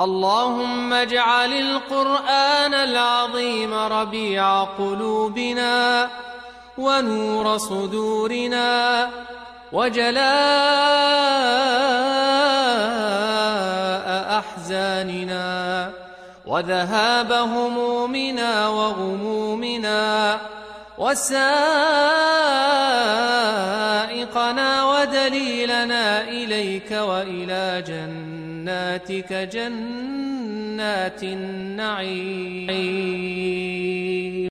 اللهم اجعل القرآن العظيم ربيع قلوبنا ونور صدورنا وجلاء أحزاننا وذهاب همومنا وغمومنا وسائقنا ودليلنا إليك وإلى جنة جناتك جنات النعيم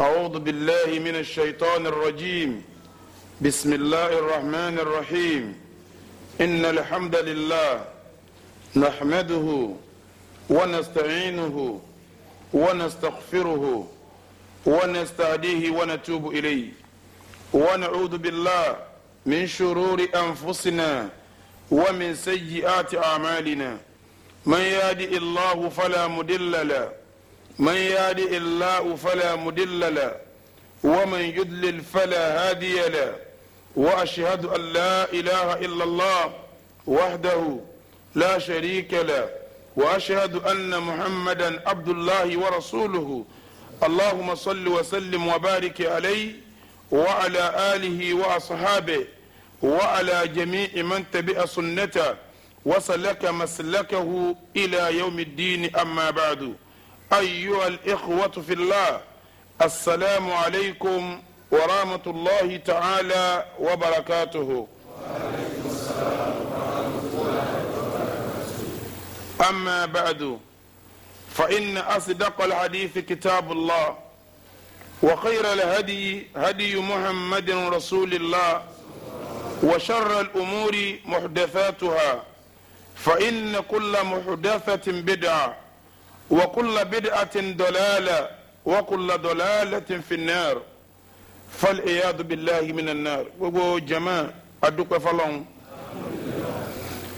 أعوذ بالله من الشيطان الرجيم بسم الله الرحمن الرحيم إن الحمد لله نحمده ونستعينه ونستغفره ونستهديه ونتوب إليه ونعوذ بالله من شرور أنفسنا ومن سيئات أعمالنا من يهد الله فلا مضل له من يهد الله فلا مضل له ومن يضلل فلا هادي له وأشهد أن لا إله إلا الله وحده لا شريك له وأشهد أن محمدا عبد الله ورسوله اللهم صل وسلم وبارك عليه وعلى آله وأصحابه وعلى جميع من تبع سنته وسلك مسلكه إلى يوم الدين أما بعد أيها الإخوة في الله السلام عليكم ورحمة الله تعالى وبركاته وعليكم السلام ورحمة الله وبركاته أما بعد فإن أصدق الحديث كتاب الله وخير الهدي هدي محمد رسول الله وشر الأمور محدثاتها فإن كل محدثة بدعة وكل بدعة ضلالة وكل ضلالة في النار فالعياذ بالله من النار gbogbo jama adúpẹ́ fọ́lọ́run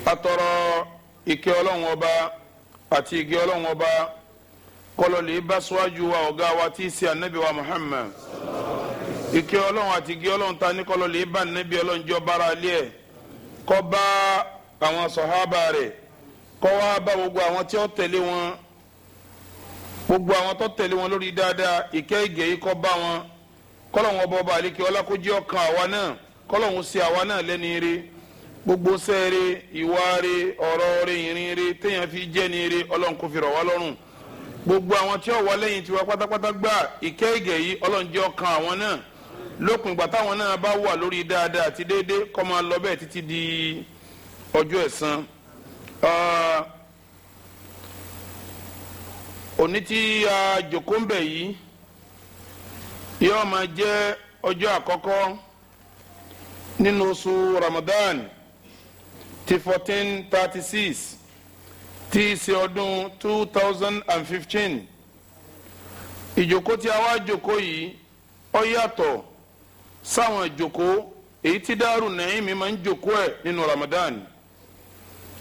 atọrọ ìkẹ́ Ọlọ́run ọba àti ìgẹ́ Ọlọ́run ọba kọlọlì bá síwájú wa ọ̀gá wa tí í ṣe anabi wa Muhammad ike ọlọ́run àti ìkẹ́ ọlọ́run ta ní kọ́lọ́ lè bá níbi ọlọ́run jọ bára ilé ẹ̀ kọ́ bá àwọn sọ̀hábà rẹ̀ kọ́ wá bá gbogbo àwọn tí ó tẹ̀lé wọn gbogbo àwọn tó tẹ̀lé wọn lórí dáadáa ike ìgẹ̀ yìí kọ́ bá wọn kọ́lọ́run ọba ọba àlekè ọlákójẹ́ ọkàn àwa náà kọ́lọ́run ṣe àwa náà lẹ́ni ire gbogbo sẹ́ẹ̀rẹ̀ ìwáre ọrọ rẹ̀ ìrìn rẹ̀ téèyàn fi jẹ́ ni ire ọlọ́run kò fi rọ̀ wá lọ́rùn gbogbo àwọn tí ó wà lẹ́yìn tiwa pátápátá gbà ìkẹ́ ìgẹ̀ yìí ọlọ́run ọkàn àwọn náà lópin ìgbà táwọn náà bá wà lórí dáadáa àti déédéé kọ́ máa lọ bẹ́ẹ̀ títí di ọjọ́ ẹ̀san òní tí a jòkó ń bẹ̀ yìí yóò máa jẹ́ ọjọ́ àkọ́kọ́ nínú oṣù Ramadan ti fourteen thirty six tí í ṣe ọdún two thousand and fifteen ìjòkó tí a wá jòkó yìí ó yàtọ̀ sáwọn ìjókòó èyí tí Daaru Naim máa ń jókòó ẹ̀ nínú Ramadan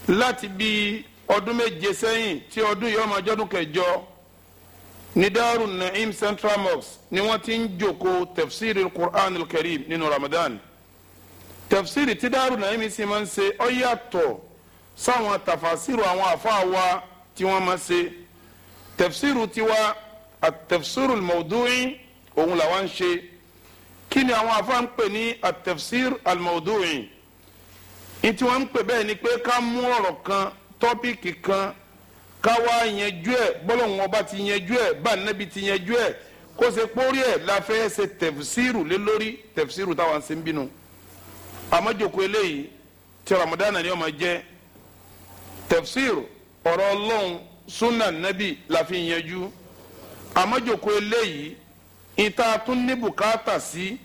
láti bí ọdún méje sẹ́yìn tí ọdún yìí ọmọ ọjọ́dún kẹjọ ní Daaru Naim Central Mosque ni wọ́n ti ń jókòó tafsiri Qur'an al-Karim nínú Ramadan tafsiri tí Daaru Naim sì máa ń ṣe ó sáwọn tafasiru àwọn àfáà tí wọ́n máa ṣe tafsiru tiwa at-tafsiru òun làwọn ń ṣe kí ni àwọn afa ń pè ní atafsir almawdu'i ní tí wọ́n ń pè bẹ́ẹ̀ ni pé ká mú ọ̀rọ̀ kan tọ́pìkì kan ká wá yanjú ẹ̀ bọ́lọ̀hún ọba ti yanjú ẹ̀ bá nẹ́bi ti yanjú ẹ̀ kó ṣe pórí ẹ̀ la fẹ́ ṣe tafsiru lé lórí tafsiru táwọn ṣe ń bínú àmọ́ eléyìí tí Ramadan ni ó máa jẹ́ tafsiru ọ̀rọ̀ ọlọ́run sunna nabi la fi yanjú àmọ́ jòkó eléyìí ìta tún ní bùkátà sí. Si,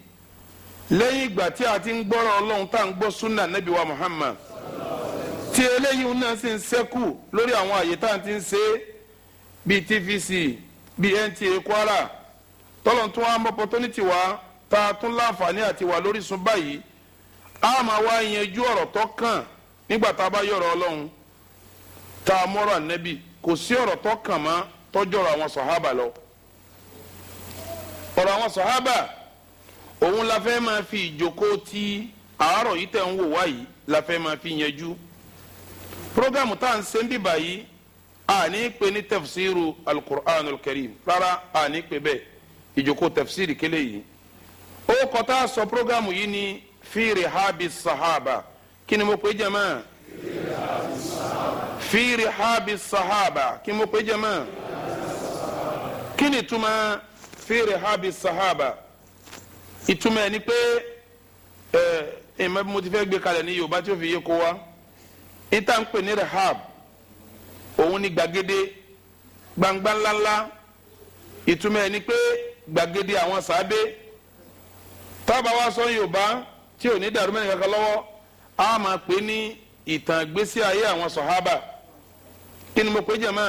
lẹ́yìn ìgbà tí a ti ń gbọ́rọ̀ ọlọ́run tá à ń gbọ́ súnà wa Muhammad tí eléyìí náà sì ń sẹ́kù lórí àwọn àyè tá ti ń ṣe bíi TVC bíi NTA Kwara tọ́lọ̀ opportunity tún láǹfààní àti wà lórí sun báyìí a máa wá yanjú ọ̀rọ̀ tó kàn nígbà tá a bá yọ̀rọ̀ ọlọ́run tá kò sí ọ̀rọ̀ òun la fẹ́ máa fi ìjókòó tí àárọ̀ yìí tẹ̀ ń wò wá la fẹ́ máa fi yanjú programu tá à ń ṣe ń bíbà yìí àní pé ní tafsiru alukur'an alukarim rárá àní pé bẹ́ẹ̀ ìjókòó tafsiri kele yìí ó kọ́tà sọ programu yìí ní fíìrì habi sahaba kí ni mo pè jẹ́mọ́ fíìrì habi sahaba kí ni mo pè jẹ́mọ́ kí ni túmọ̀ fíìrì habi sahaba ìtumọ̀ ẹ̀ ni pé ẹ̀ ẹ̀ mọ̀ bí mo ti fẹ́ gbé kalẹ̀ ní yorùbá tí ó fi yé kó wa níta ń pè ní rehab òun ni gbàgede gbangba ńláńlá ìtumọ̀ ẹ̀ ni pé gbàgede àwọn sàábé tábà wá sọ yorùbá tí ò ní dàrú mẹ́rin kankan lọ́wọ́ a máa pè ní ìtàn ìgbésí ayé àwọn sọ̀hábà kí ni mo pè jẹ̀ mọ́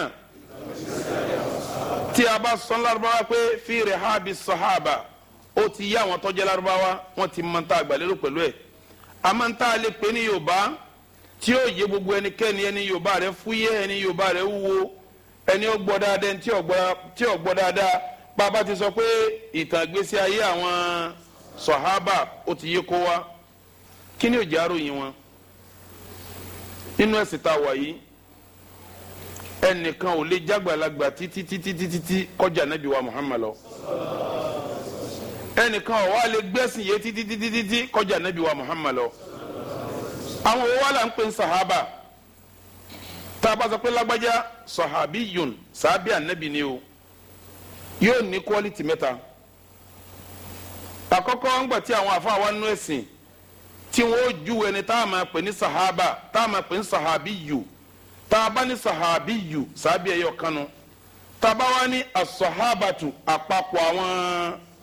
tí a bá sọ ńlá pé fi rehabi sọ̀hábà ó ti yá àwọn tọ́jẹ́ lárúbáwá wọ́n ti mọ tá àgbàlérò pẹ̀lú ẹ̀ àmọ́ tá a lè pè ní yorùbá tí yóò yé gbogbo ẹnikẹ́ni ẹni yorùbá rẹ fúyẹ́ ẹni yorùbá rẹ wúwo ẹni ó gbọ́ dáadáa ẹni tí ó gbọ́ dáadáa bàbá ti sọ pé ìtàn ìgbésí ayé àwọn sọ̀hábà ó ti yé kó wá kí ni òjì aróyìn wọn nínú ẹ̀sìn tá a wà yìí ẹnìkan ò lè jágbàlagbà títí títí títí kọjá nàbí Muhammad lọ ẹnìkan ọ̀ lè gbẹ́sìn yé títí títí títí kọjá nábì wa Muhammad lọ. àwọn owó wa là ń pè ń sàhábà tá a bá sọ pé lágbájá sọ̀hábí yòn sàábì ànábì ni o yóò ní kọ́lìtì mẹ́ta. àkọ́kọ́ ńgbà tí àwọn àfa wa nú ẹ̀sìn tí wọ́n júwe ni tá a máa pè ní sàhábà tá a máa pè ní sàhábí yò tá a bá ní sàhábí yò sàábì ẹ̀yọ̀ kanu tá a bá wá ní àsọ̀hábàtù àpapọ̀ àwọn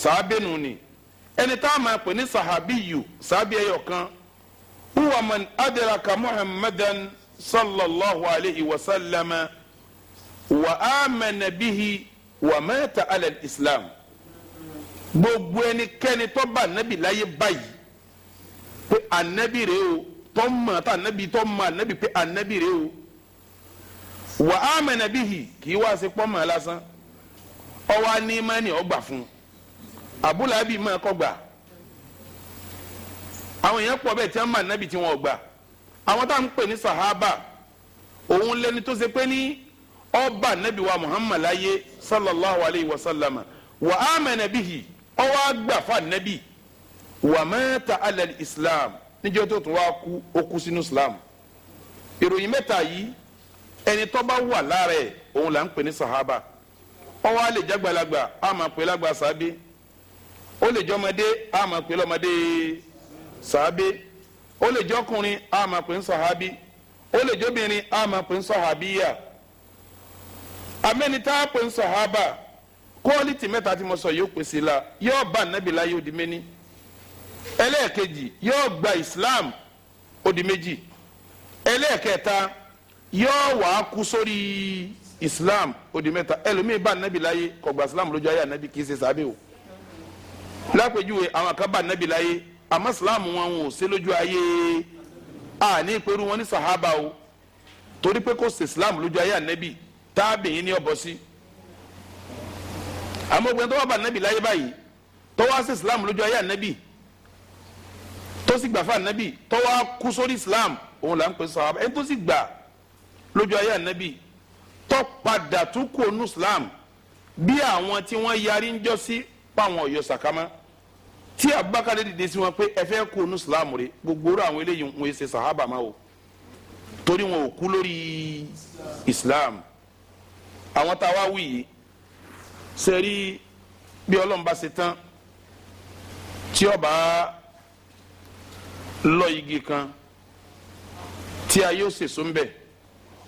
sàábì nù ni ẹni tá a máa pè ní sàhábì yù sàábì ẹyọ kan huwa man adraka muhammadan sallallahu alayhi wa sallama wa amana bihi wa mata ala islam gbogbo ẹnikẹ́ni tó bá anabi láyé báyìí pé anabi rèé o tó mọ̀ tá anabi tó mọ̀ anabi pé anabi rèé o wa amana bihi kì í wá sí pọ́nmọ́ lásán ọwọ́ anímọ́ ni ọgbà fún un abúlábì máa kọ́ gbà àwọn èèyàn pọ̀ bẹ́ẹ̀ tí wọ́n máa nábì tí wọ́n gbà àwọn táwọn ń pè ní sahaba òun lẹni tó ṣe ọba wa muhammad láyé sallallahu alayhi wa sallam wa amana bihi ọwọ́ àgbà fa wa mata ala islam níjẹ́ tó tún wá kú ó kú islam ìròyìn mẹ́ta yìí ẹni tó bá wà lára ẹ̀ òun là ń pè ní sahaba ọwọ́ ó lè jẹ́ ọmọdé a máa pè lọ́mọdé sàábé ó lè jẹ́ ọkùnrin a máa pè ń sàhábí ó lè jẹ́ obìnrin a máa pè ń sàhábíyà amẹ́ni tá a pè ń sàhábà kọ́ọ́lìtì mẹ́ta tí mo sọ yóò pèsè la yóò bá nàbìlá yóò di méní ẹlẹ́ẹ̀kejì yóò gba Islam ó di méjì ẹlẹ́ẹ̀kẹta yóò wàá kú sórí Islam ó di mẹ́ta ẹlòmíì bá nàbìlá yé kọ̀gbà Islam lójú ayé ànábì kì ṣe sàábé o lápèjúwe àwọn kan bá nábì láyé àmọ́ sàlámù wọn ò ṣe lójú ayé àní ìpẹ́rù wọn ní sàhábà o torí pé kò ṣe sàlámù lójú ayé ànábì tábìyìn ní ọ̀bọ̀ sí àmọ́ obìnrin tó wà bá ànábì láyé báyìí tó wá ṣe sàlámù lójú ayé ànábì tó sì gbà fún ànábì tó wá kú sórí sàlámù òun là ń pè sàhábà ẹni tó sì gbà lójú ayé ànábì tó padà tún kú onú sàlámù bí àwọn tí wọ́n yarí ń jọ sí pa àwọn ọ̀yọ́ sàkámá tí abubakar dìde sí wọn pé ẹ fẹ́ kó onú sàlámù rẹ gbogbo rẹ àwọn eléyìí ń ṣe sàhábà máa o torí wọn ò kú lórí islam àwọn tá a wá wí yìí sẹ́rí bí ọlọ́run bá ṣe tán tí ó bá lọ igi kan tí a yóò sèso ń bẹ̀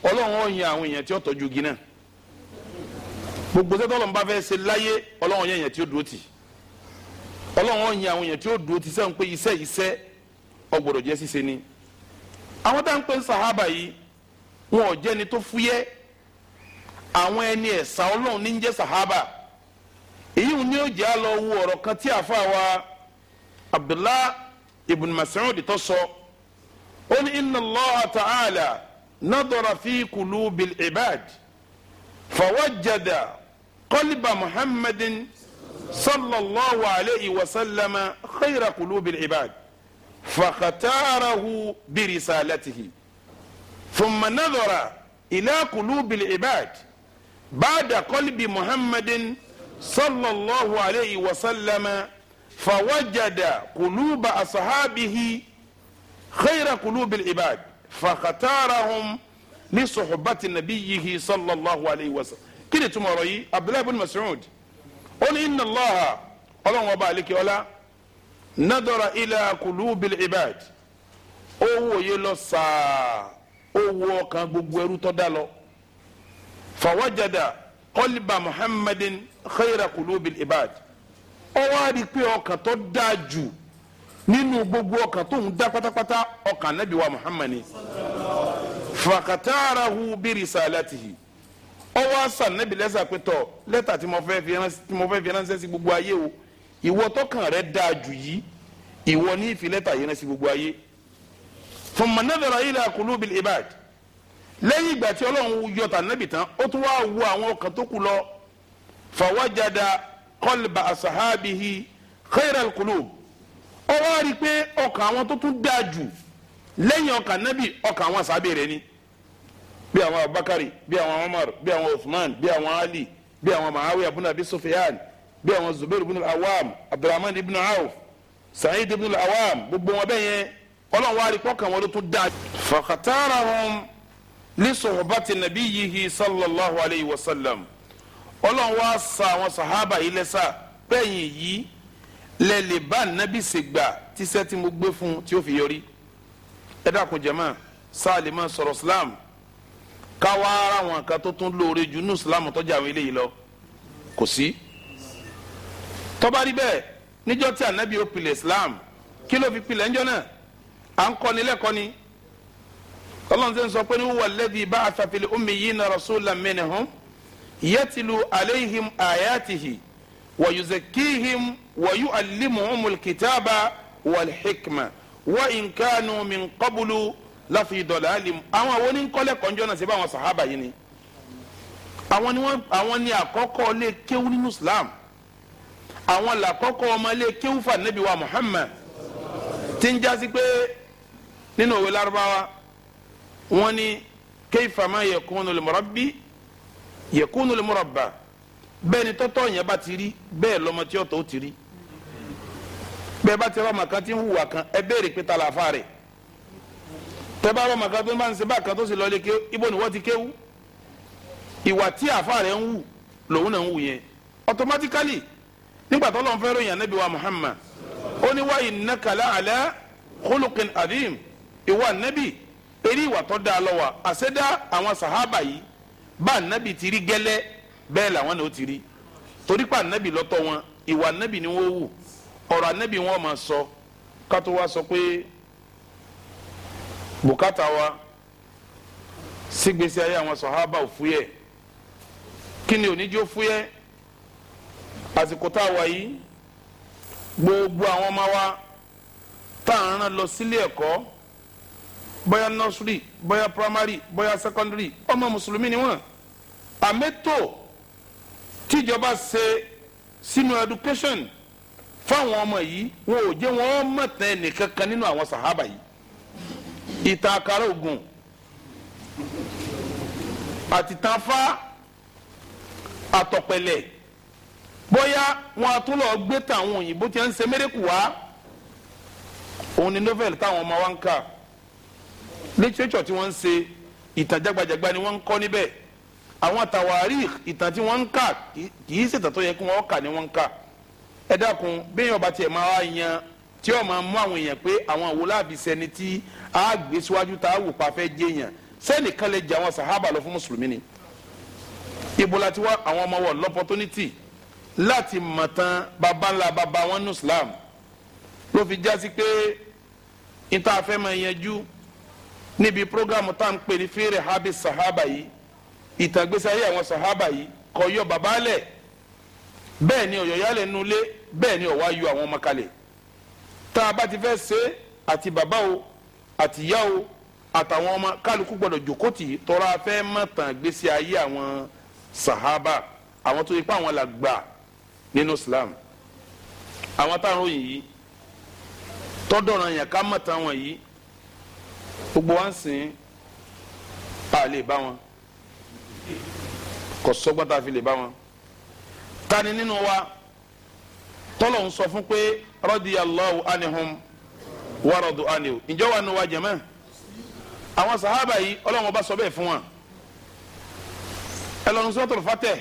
ọlọ́run ó yan àwọn èèyàn tí ó tọ́jú igi náà. gbogbo sẹ́tọ́ ọlọ́run bá fẹ́ ṣe láyé ọlọ́run yẹn yẹn tí ó dúró ti ọlọ́run yẹn àwọn yẹn tí ó dúró tì pé iṣẹ́ ni àwọn tá à ń pè sàhábà yìí wọn ò jẹ́ni tó fúyẹ́ àwọn ẹni ẹ̀sà ọlọ́run ní ń jẹ́ sàhábà èyí ni ó jẹ́ àlọ́ wo ọ̀rọ̀ kan tí àfa wa ibn Mas'ud tó sọ kọliba muhammadin sallallahu alayhi wa sallama khayra kulubil ibad fakatarahu birisalatihi thumma nadhara ila kulubil ibad baada kọlibi muhammadin sallallahu alayhi wa sallama fawajada kuluba asahabihi khayra kulubil ibad fakatarahum lisuhbati nabiyihi sallallahu alayhi wa sallam kí ni túmọ̀ ọ̀rọ̀ yìí abdullahi ibn mas'ud ó ní inna allah ọlọ́run ọba àlekè ọlá nadara ila kulubil ibad ó wòye lọ sáà ó wo ọkàn gbogbo ẹrú tó dá lọ fawajada qalba muhammadin khayra kulubil ibad ó wá rí pé ọkàn tó dáa jù nínú gbogbo ọkàn tó ń dá pátápátá ọkàn nabi wa muhammad ni fakatarahu bi risalatihi ọwọ́ àṣà nẹ́bí lẹ́sà pé tọ̀ lẹ́tà tí mo fẹ́ fi ránṣẹ́ sí gbogbo ayé o ìwọ tọkàn rẹ dáa jù yìí ìwọ ní ìfi lẹ́tà yìí ránṣẹ́ sí gbogbo ayé fún manadara ila qulubil ibad lẹ́yìn ìgbà tí ọlọ́run yọta nẹ́bì tán ó tún wáá wo àwọn ọkàn tó kù lọ fàwájàdà qalba asahabihi khairal qulub ó wá rí i pé ọkàn àwọn tó tún dáa jù lẹ́yìn ọkàn nẹ́bì ọkàn àwọn àṣàbẹ̀ rẹ̀ ni bí àwọn abubakari bí àwọn umar bí àwọn usman bí àwọn ali bí àwọn muawiya ibn abi sufyan bí àwọn zubair ibn awam abdulrahman ibn awf sa'id ibn awam gbogbo wọn bẹ́ẹ̀ yẹn ọlọ́run wá rí kọ́kàn wọn ló tún dáa. fakhatarahum li suhbati nabiyyihi sallallahu alayhi wa sallam ọlọ́run wá sa àwọn sahaba yìí lẹ́sà pẹ́yìn yìí lẹ́lẹ̀ bá nàbí sègbà tíṣẹ́ tí mo gbé fún tí ó fi yọrí. ẹ dákun jàmáà sáà lè máa káwá ara wọn kan tó tún lóore jù nínú islam tọ́jú àwọn eléyìí lọ kò sí. tọ́ba rí bẹ́ẹ̀ níjọ́ tí anabi ó pilẹ̀ islam kí ló fi pilẹ̀ ńjọ́ náà à ń kọ́ni lẹ́kọ́ni ọlọ́run ti ń sọ pé ní wà lẹ́bi bá afẹ́fẹ́lẹ́ omi yìí na rasulan minhum yẹtìlú aleihim ayatihi wàyùzẹ̀kíhim wàyù alimuhumul kìtàbà wàlhikma wà ìnkánu min qabulu láfi dọ̀là àlìm àwọn àwọn oníkọ́lẹ́kọ̀ọ́ njọ́ náà ṣe bá àwọn sàhábà yìí ni àwọn ni wọ́n àwọn ni àkọ́kọ́ ilé kéwú nínú Islam àwọn làkọ́kọ́ ọmọ ilé kéwú fà Nábì wa Muhammad tí ń jásí pé nínú òwe lárúbáwá wọ́n ní kayfa ma yakunu al-murabbi yakunu al-murabba bẹ́ẹ̀ ni tọ́tọ́ yẹn bá ti rí bẹ́ẹ̀ lọ́mọ tí ọ̀tọ̀ ó ti rí bẹ́ẹ̀ bá ti rọ́ kan tí ń hùwà kan ẹ béèrè pé ta làáfà rẹ̀ tẹ́bá rọ màkà tó ń bá ń ṣe bá kan tó sì lọlé kéwú ibo ni wọ́n ti kéwú ìwà tí àfa rẹ̀ ń wù lòun náà ń wù yẹn automatically nígbà tó lọ́n fẹ́ ròyìn anabi wa muhammad ó ní wa innaka la ala khuluqin ìwà nabi eré ìwà tó dáa lọ́wọ́ àṣẹ́dá àwọn sàhábà yìí bá nabi ti rí gẹ́lẹ́ bẹ́ẹ̀ làwọn náà ti rí torí pa nabi lọ́tọ̀ wọn ìwà nabi ni wọ́n wù ọ̀rọ̀ anabi wọn máa sọ ká wá sọ pé bùkátà wa sígbésí ayé àwọn sọ̀hábà ò fúyẹ́ kí ni òní jó fúyẹ́ àsìkò tá a wà yìí gbogbo àwọn ọmọ wa tá à ń lọ sílé ẹ̀kọ́ bóyá nursery bóyá primary bóyá secondary ọmọ mùsùlùmí ni wọ́n àmẹ́tò tíjọba ṣe sínú education fáwọn ọmọ yìí wọn ò jẹ́ wọn mọ̀tàn ẹnìkankan nínú àwọn sàhábà yìí ìtàn akara ògùn àtìtànfá àtọ̀pẹ̀lẹ̀ bóyá wọn a lọ gbé tàwọn òyìnbó tí wọn ń ṣe wá ni novel táwọn ọmọ wa ń kà literature tí wọ́n ń se ìtàn jagbajagba ni wọ́n ń kọ́ níbẹ̀ àwọn tàwárí ìtàn tí wọ́n ń kà kì í ṣètàn tó yẹ kí ni wọ́n ń kà ẹ dákun bí èèyàn bá yan tí ó máa mú àwọn èèyàn pé àwọn àwòlá àbísẹ́ni tí a gbé síwájú tá a wò pa fẹ́ jẹ́ sẹ́nìkan lè jẹ́ àwọn sàhábà lọ fún mùsùlùmí ni ibo la ti wá àwọn ọmọ wọn lọ́pọ́tọ́nìtì láti mọ̀ tán baba ńlá baba wọn ní Islam ló fi jásí pé níta fẹ́ máa yanjú níbi programu tá à ń pè ní fèrè habi sahaba yìí ìtàgbésí ayé àwọn sahaba yìí kò yọ baba lẹ̀ bẹ́ẹ̀ ni ọ̀yọ̀yálẹ̀ nulẹ̀ bẹ́ẹ̀ ni ọ̀wá yọ àwọn ọmọ kalẹ̀ tá a bá ti fẹ́ ṣe àti bàbá o àti ìyá o àtàwọn ọmọ kálukú gbọdọ̀ jòkó tì í tọ́ra fẹ́ mọ̀ tàn gbèsè ayé àwọn sàhábà àwọn tó yẹ pé àwọn là gbà nínú Islam àwọn táwọn yìí tọ́dọ̀ràn yẹn ká mọ̀ tán wọn yìí gbogbo wa ń sìn á lè bá wọn kò sọ́gbọ́n tá a fi lè bá wọn ta ni nínú wa tọ́lọ̀ ń sọ fún pé radiyallahu anihum waradu anihu ǹjẹ́ wà nù wa jẹ̀mọ́ àwọn sahaba yìí ọlọ́run ọba sọ bẹ́ẹ̀ fún wa ẹlọ́run sọ́tò fatẹ́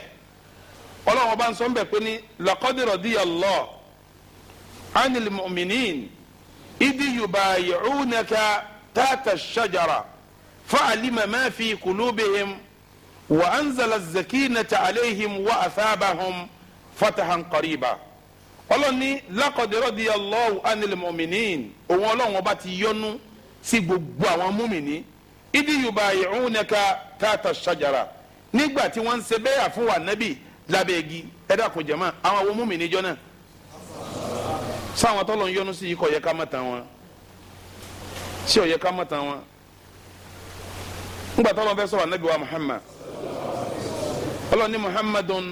ọlọ́run ọba ń sọ bẹ́ẹ̀ pé ní laqad radiyallahu anil mu'minin idi yubayi'unaka tata shajara fa'alima ma kulubihim wa anzala zakinata alayhim wa athabahum fatahan qariba ọlọ́run ní lákọ̀dẹ́rọ́ di allahu anil mọ̀mìnín òun ọlọ́run ọba ti yọ́nú sí gbogbo àwọn múmìnín ìdí yorùbá ìhun nìka tààtà ṣàjàrà nígbà tí wọ́n ń ṣe bẹ́ẹ̀ fún wa nẹ́bì lábẹ́ igi ẹ̀dá kò jẹ̀mọ́ àwọn àwọn múmìnín jọ náà sáwọn tọ́lọ̀ ń yọ́nú sí yìí yẹ ká má tàn wọn sí ó ká má tàn wọn ńgbà tọ́lọ̀ fẹ́ sọ̀rọ̀ nẹ́bì muhammad ọlọ́ni muhammadun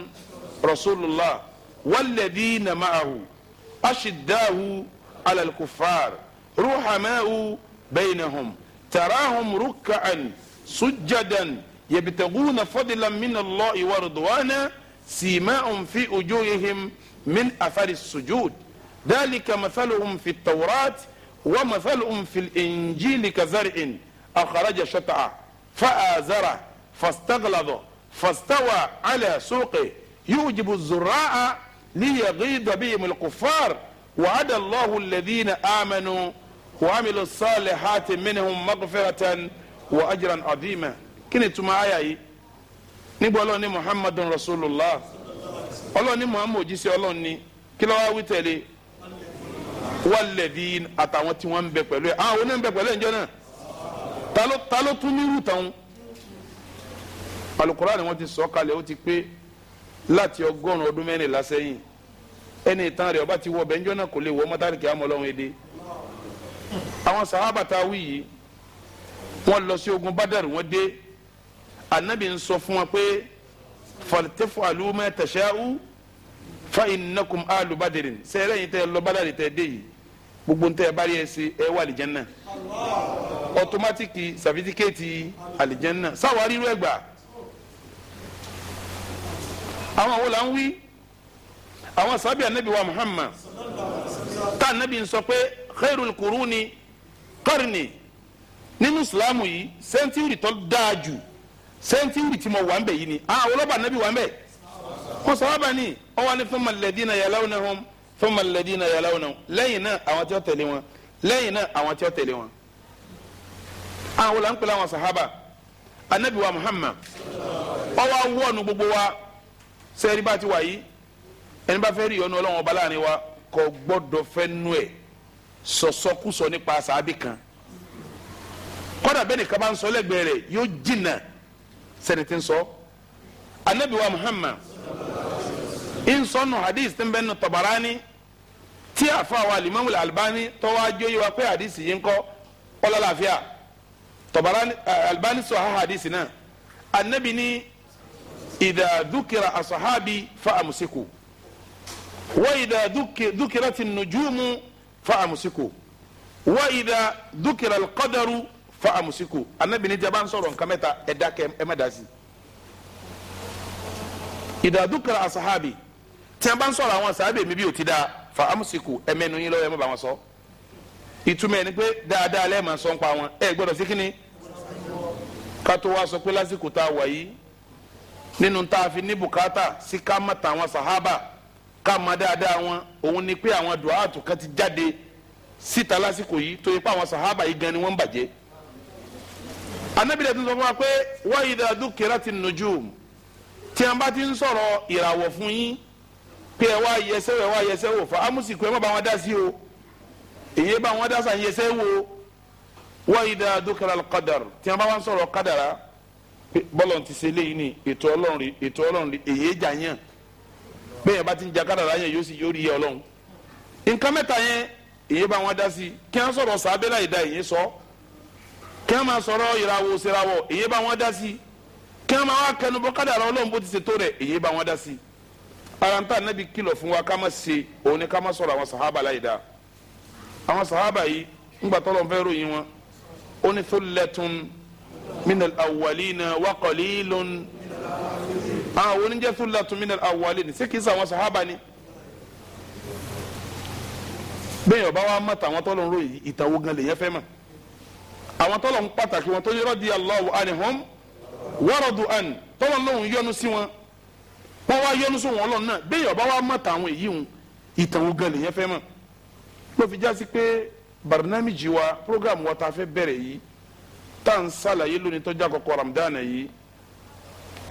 rasulullah. والذين معه أشداه على الكفار رحماء بينهم تراهم ركعا سجدا يبتغون فضلا من الله ورضوانا سيماء في وجوههم من أثر السجود ذلك مثلهم في التوراة ومثلهم في الإنجيل كزرع أخرج شطعه فآزره فاستغلظ فاستوى على سوقه يوجب الزراء ليغيظ بهم الكفار وعد الله الذين آمنوا وعملوا الصالحات منهم مغفرة وأجرا عظيما kíni ìtumọ̀ àyà yìí níbo ọlọ́ọ̀ni muhammadun rasulullah ọlọ́ọ̀ni muhammad òjíṣẹ́ ọlọ́ọ̀ni kí lọ́wọ́ wí tẹ̀lé wàlẹ́dí àtàwọn tí wọ́n ń bẹ pẹ̀lú ẹ̀ àwọn oní ń bẹ pẹ̀lú ẹ̀ ǹjọ́ náà ta ló tún ní irú tàwọn alukóra ni wọ́n ti sọ kalẹ̀ ó ti pé láti ọgọ́rùn-ún ọdún mẹ́rìnlá sẹ́yìn ẹni ìtàn rẹ̀ ọba ti wọ bẹ́ẹ̀ njọ́ náà kò lè wọ mọ́tàrí kí amọ̀ lọ́hùn èdè àwọn sàhábà tá a wí yìí wọ́n lọ sí ogun bádàrú wọ́n dé anabi ń sọ fún wa pé fàlítẹ́fù àlùmọ́ tẹ̀síáwù fa innakum alu badirin sẹ́rẹ́ yìí tẹ́ lọ bádàrí tẹ́ dé yìí gbogbo ntẹ́ ẹ bá rí ẹ sí ẹ wà àlìjẹ́nà ọtọmátìkì sàfitikẹ́ẹ̀tì àlìjẹ́nà sáwárí rẹ̀ gbà àwọn wo ń wí àwọn sábẹ́ anabi wa muhammad tá anabi sọ pé khairul kuruni qarni nínú islamu yìí sẹ́ńtúrì tó dáa jù sẹ́ńtúrì tí mo wà ń bẹ̀ yìí ni àwọn ọlọ́ba anabi wà ń bẹ̀ kò sábà ní ọwọ́ ní thumma alladhina yalawnahum thumma alladhina yalawnahum lẹ́yìn náà àwọn tí ó tẹ̀lé wọn lẹ́yìn náà àwọn tí ó tẹ̀lé wọn. àwọn wòlá ń pèlè àwọn sàhábà anabi wa muhammad ọwọ́ àwọn wọ́ọ̀nù gbogbo wa sẹ́ẹ̀rì bá ti wà yìí ẹni bá fẹ́ rí ìyọnu ọlọ́run ọba láàrin wa kò gbọ́dọ̀ fẹ́ nú ẹ̀ sọ̀sọ́kùsọ nípa sàábì kan kọ́dà bẹ́ẹ̀ nìkan bá ń sọ lẹ́gbẹ̀ẹ́ rẹ̀ yóò jìnnà sẹ́ni tí ń sọ anabi muhammad ń sọ nù hadith tí ń bẹ́ nù tabarani tí àfa wa albani tọ́wọ́ ajó yẹ wa pé hadith yìí ń kọ́ ọlọ́láfíà tabarani eh, albani sọ ha hadith náà anabi ni ìdàdúkìrà asahabi fa amusiku. وإذا ذكرت النجوم فأمسكوا وإذا ذكر القدر فأمسكوا النبي نجبان صورون كمتا إداك أمدازي إذا ذكر أصحابي tẹnban sọ̀rọ̀ àwọn sábẹ mi bí o ti da fa amusiku ẹmẹnu yín lọ́wọ́ ẹ má bá wọn sọ ìtumọ̀ ẹni pé dáadáa lẹ́ẹ̀ máa sọ ń pa wọn ẹ gbọ́dọ̀ sí kínní ká tó wá sọ pé lásìkò tá a wà yìí nínú tá a fi ní bùkátà sí ká má ta àwọn sàhábà ká mọ dáadáa wọn òun ni pé àwọn duwatu kan ti jáde síta lásìkò yìí tó yẹ àwọn sahaba yìí gan ni wọ́n ń bàjẹ́ anábìlẹ̀ tó ń sọ fún wa pé wa idha dhukirati nujum tí a bá ti ń sọ̀rọ̀ ìràwọ̀ fún yín pé ẹ wá yẹsẹ́ wò wá yẹsẹ́ wò fa amúsìkò ẹ má bá wọn dá sí o èyí bá wọn dá sàn yẹsẹ́ wò wa idha dhukira al-qadar tí a bá wọn sọ̀rọ̀ kádàrá bọ́lọ̀ ti ṣe léyìn ni ètò ọlọ́run ètò ọlọ́run èyí jà yàn bẹ́ẹ̀ bá ti ń jakada yóò sì yóò rí yẹ ọlọ́run nǹkan mẹ́ta yẹn èyí bá wọn dá sí kí wọ́n sọ̀rọ̀ sábẹ́lá ìdá èyí sọ kí wọ́n máa sọ̀rọ̀ ìràwọ̀ òsèràwọ̀ èyí bá wọn dá sí kí máa wá ọlọ́run bó ti ṣètò rẹ̀ èyí bá wọn dá sí ara ń kìlọ̀ fún wa ká má ṣe òun ni ká má sọ̀rọ̀ àwọn sàhábà àwọn ah, oníjẹ́ thulatun minal awwalin ní sí kìí sàwọn sàhábà ni bẹ́ẹ̀ ọba wa mọ̀ta àwọn tọ́lọ̀ ń ròyìn ìtàwó gan lè yẹn fẹ́ mọ̀ àwọn tọ́lọ̀ ń pàtàkì wọn tó yẹ radiyallahu anhum waradu an tọ́lọ̀ lóhùn yọ́nú sí wọn wọ́n wá yọ́nú sí wọn lọ́nà bẹ́ẹ̀ ọba wa mọ̀ta àwọn èyí hùn ìtàwó gan lè yẹn fẹ́ mọ̀ ló fi jásí pé barnamiji wa program wa ta fẹ́ bẹ̀rẹ̀ yìí tá à ń sàlàyé lónìí tọ́jà kọ̀kọ̀ Ramadan yìí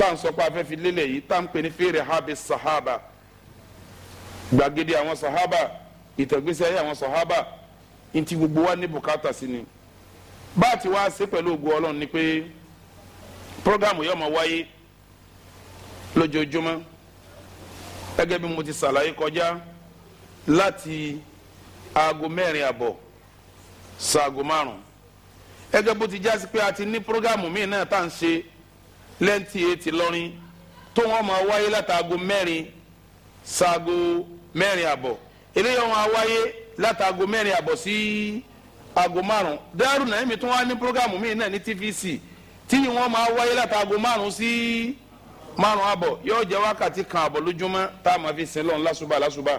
tá à ń sọ pé afẹ́fi lélẹ̀ yìí tá à sahaba gbàgede àwọn sahaba ìtẹ̀gbésí ayé àwọn sahaba ntí gbogbo wa ní bùkátà sí ni bá a ti wá ṣe pẹ̀lú ògùn ni pé programu yóò máa wáyé lójoojúmọ́ gẹ́gẹ́ bí mo ti ṣàlàyé kọjá láti aago mẹ́rin àbọ̀ ṣaago márùn-ún gẹ́gẹ́ bó ti já sí pé a ti ní programu míì náà tá à ń lẹ́ǹtì etí lọ́rin tó wọ́n máa wáyé látàgò mẹ́rin ṣaago mẹ́rin àbọ̀ eléyà wọn wáyé látàgò mẹ́rin àbọ̀ sí aago márùn Daaru Naim tó wá ní programu míì náà ní TVC tí wọ́n máa wáyé látàgò márùn sí márùn àbọ̀ yóò jẹ́ wákàtí kan àbọ̀ lójúmọ́ tá a máa fi sin lọ́run lásùbà lásùbà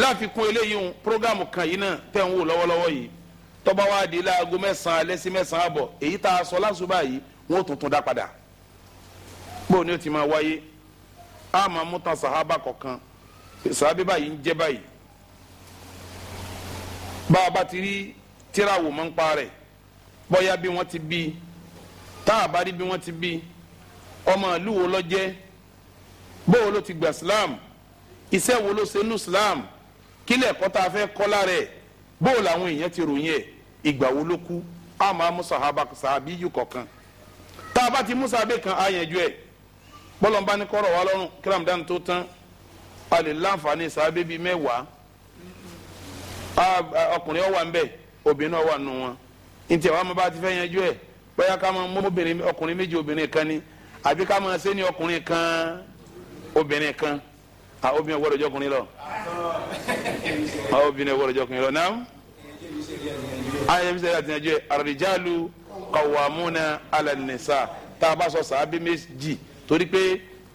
láfikún eléyìí ń programu kan yìí náà tẹ̀ ń wò lọ́wọ́lọ́wọ́ yìí tó bá wá di láago mẹ́sàn-án alẹ́ sí mẹ́sàn-án àbọ̀ èyí tá a sọ lásùbà yìí wọn ò tuntun dá padà bóun ni ó ti máa wáyé a máa mú tan sàhábà kọ̀ọ̀kan sàhábà báyìí ń jẹ́ báyìí bá a bá ti rí tíráwò máa ń pa rẹ̀ bóyá bí wọ́n ti bí tá a bá rí bí wọ́n ti bí ọmọ ìlú wo ló bóun ló ti gbà Islam iṣẹ́ wo ló ṣe nù Islam kílẹ̀ ẹ̀kọ́ tá a fẹ́ kọ́ lára ẹ̀ bóun làwọn èèyàn ti ròyìn ẹ̀ ìgbà wo ló kú a máa mú sàhábà sàhábì yìí kọ̀ọ̀kan tá a bá ti musa bẹ kan a yànjú ẹ bọlọmba ni kọrọ wa lọ́rùn kíram dání tó tán a lè láǹfààní sábẹ bíi mẹ́wàá ọkùnrin ọwà ńbẹ obìnrin ọwà nù wọn ntẹ wàá ma bá ti fẹ́ yànjú ẹ bóyá ká máa mú ọkùnrin méjì obìnrin kan ni àbí ká máa ṣe ní ọkùnrin kan obìnrin kan a obìnrin wọlé ọjọkùnrin lọ a obìnrin wọlé ọjọkùnrin lọ náà ayẹyẹ bí sẹ yà ti yànjú ẹ qawwamuna ala nisa tá a bá sọ sàábí méjì torí pé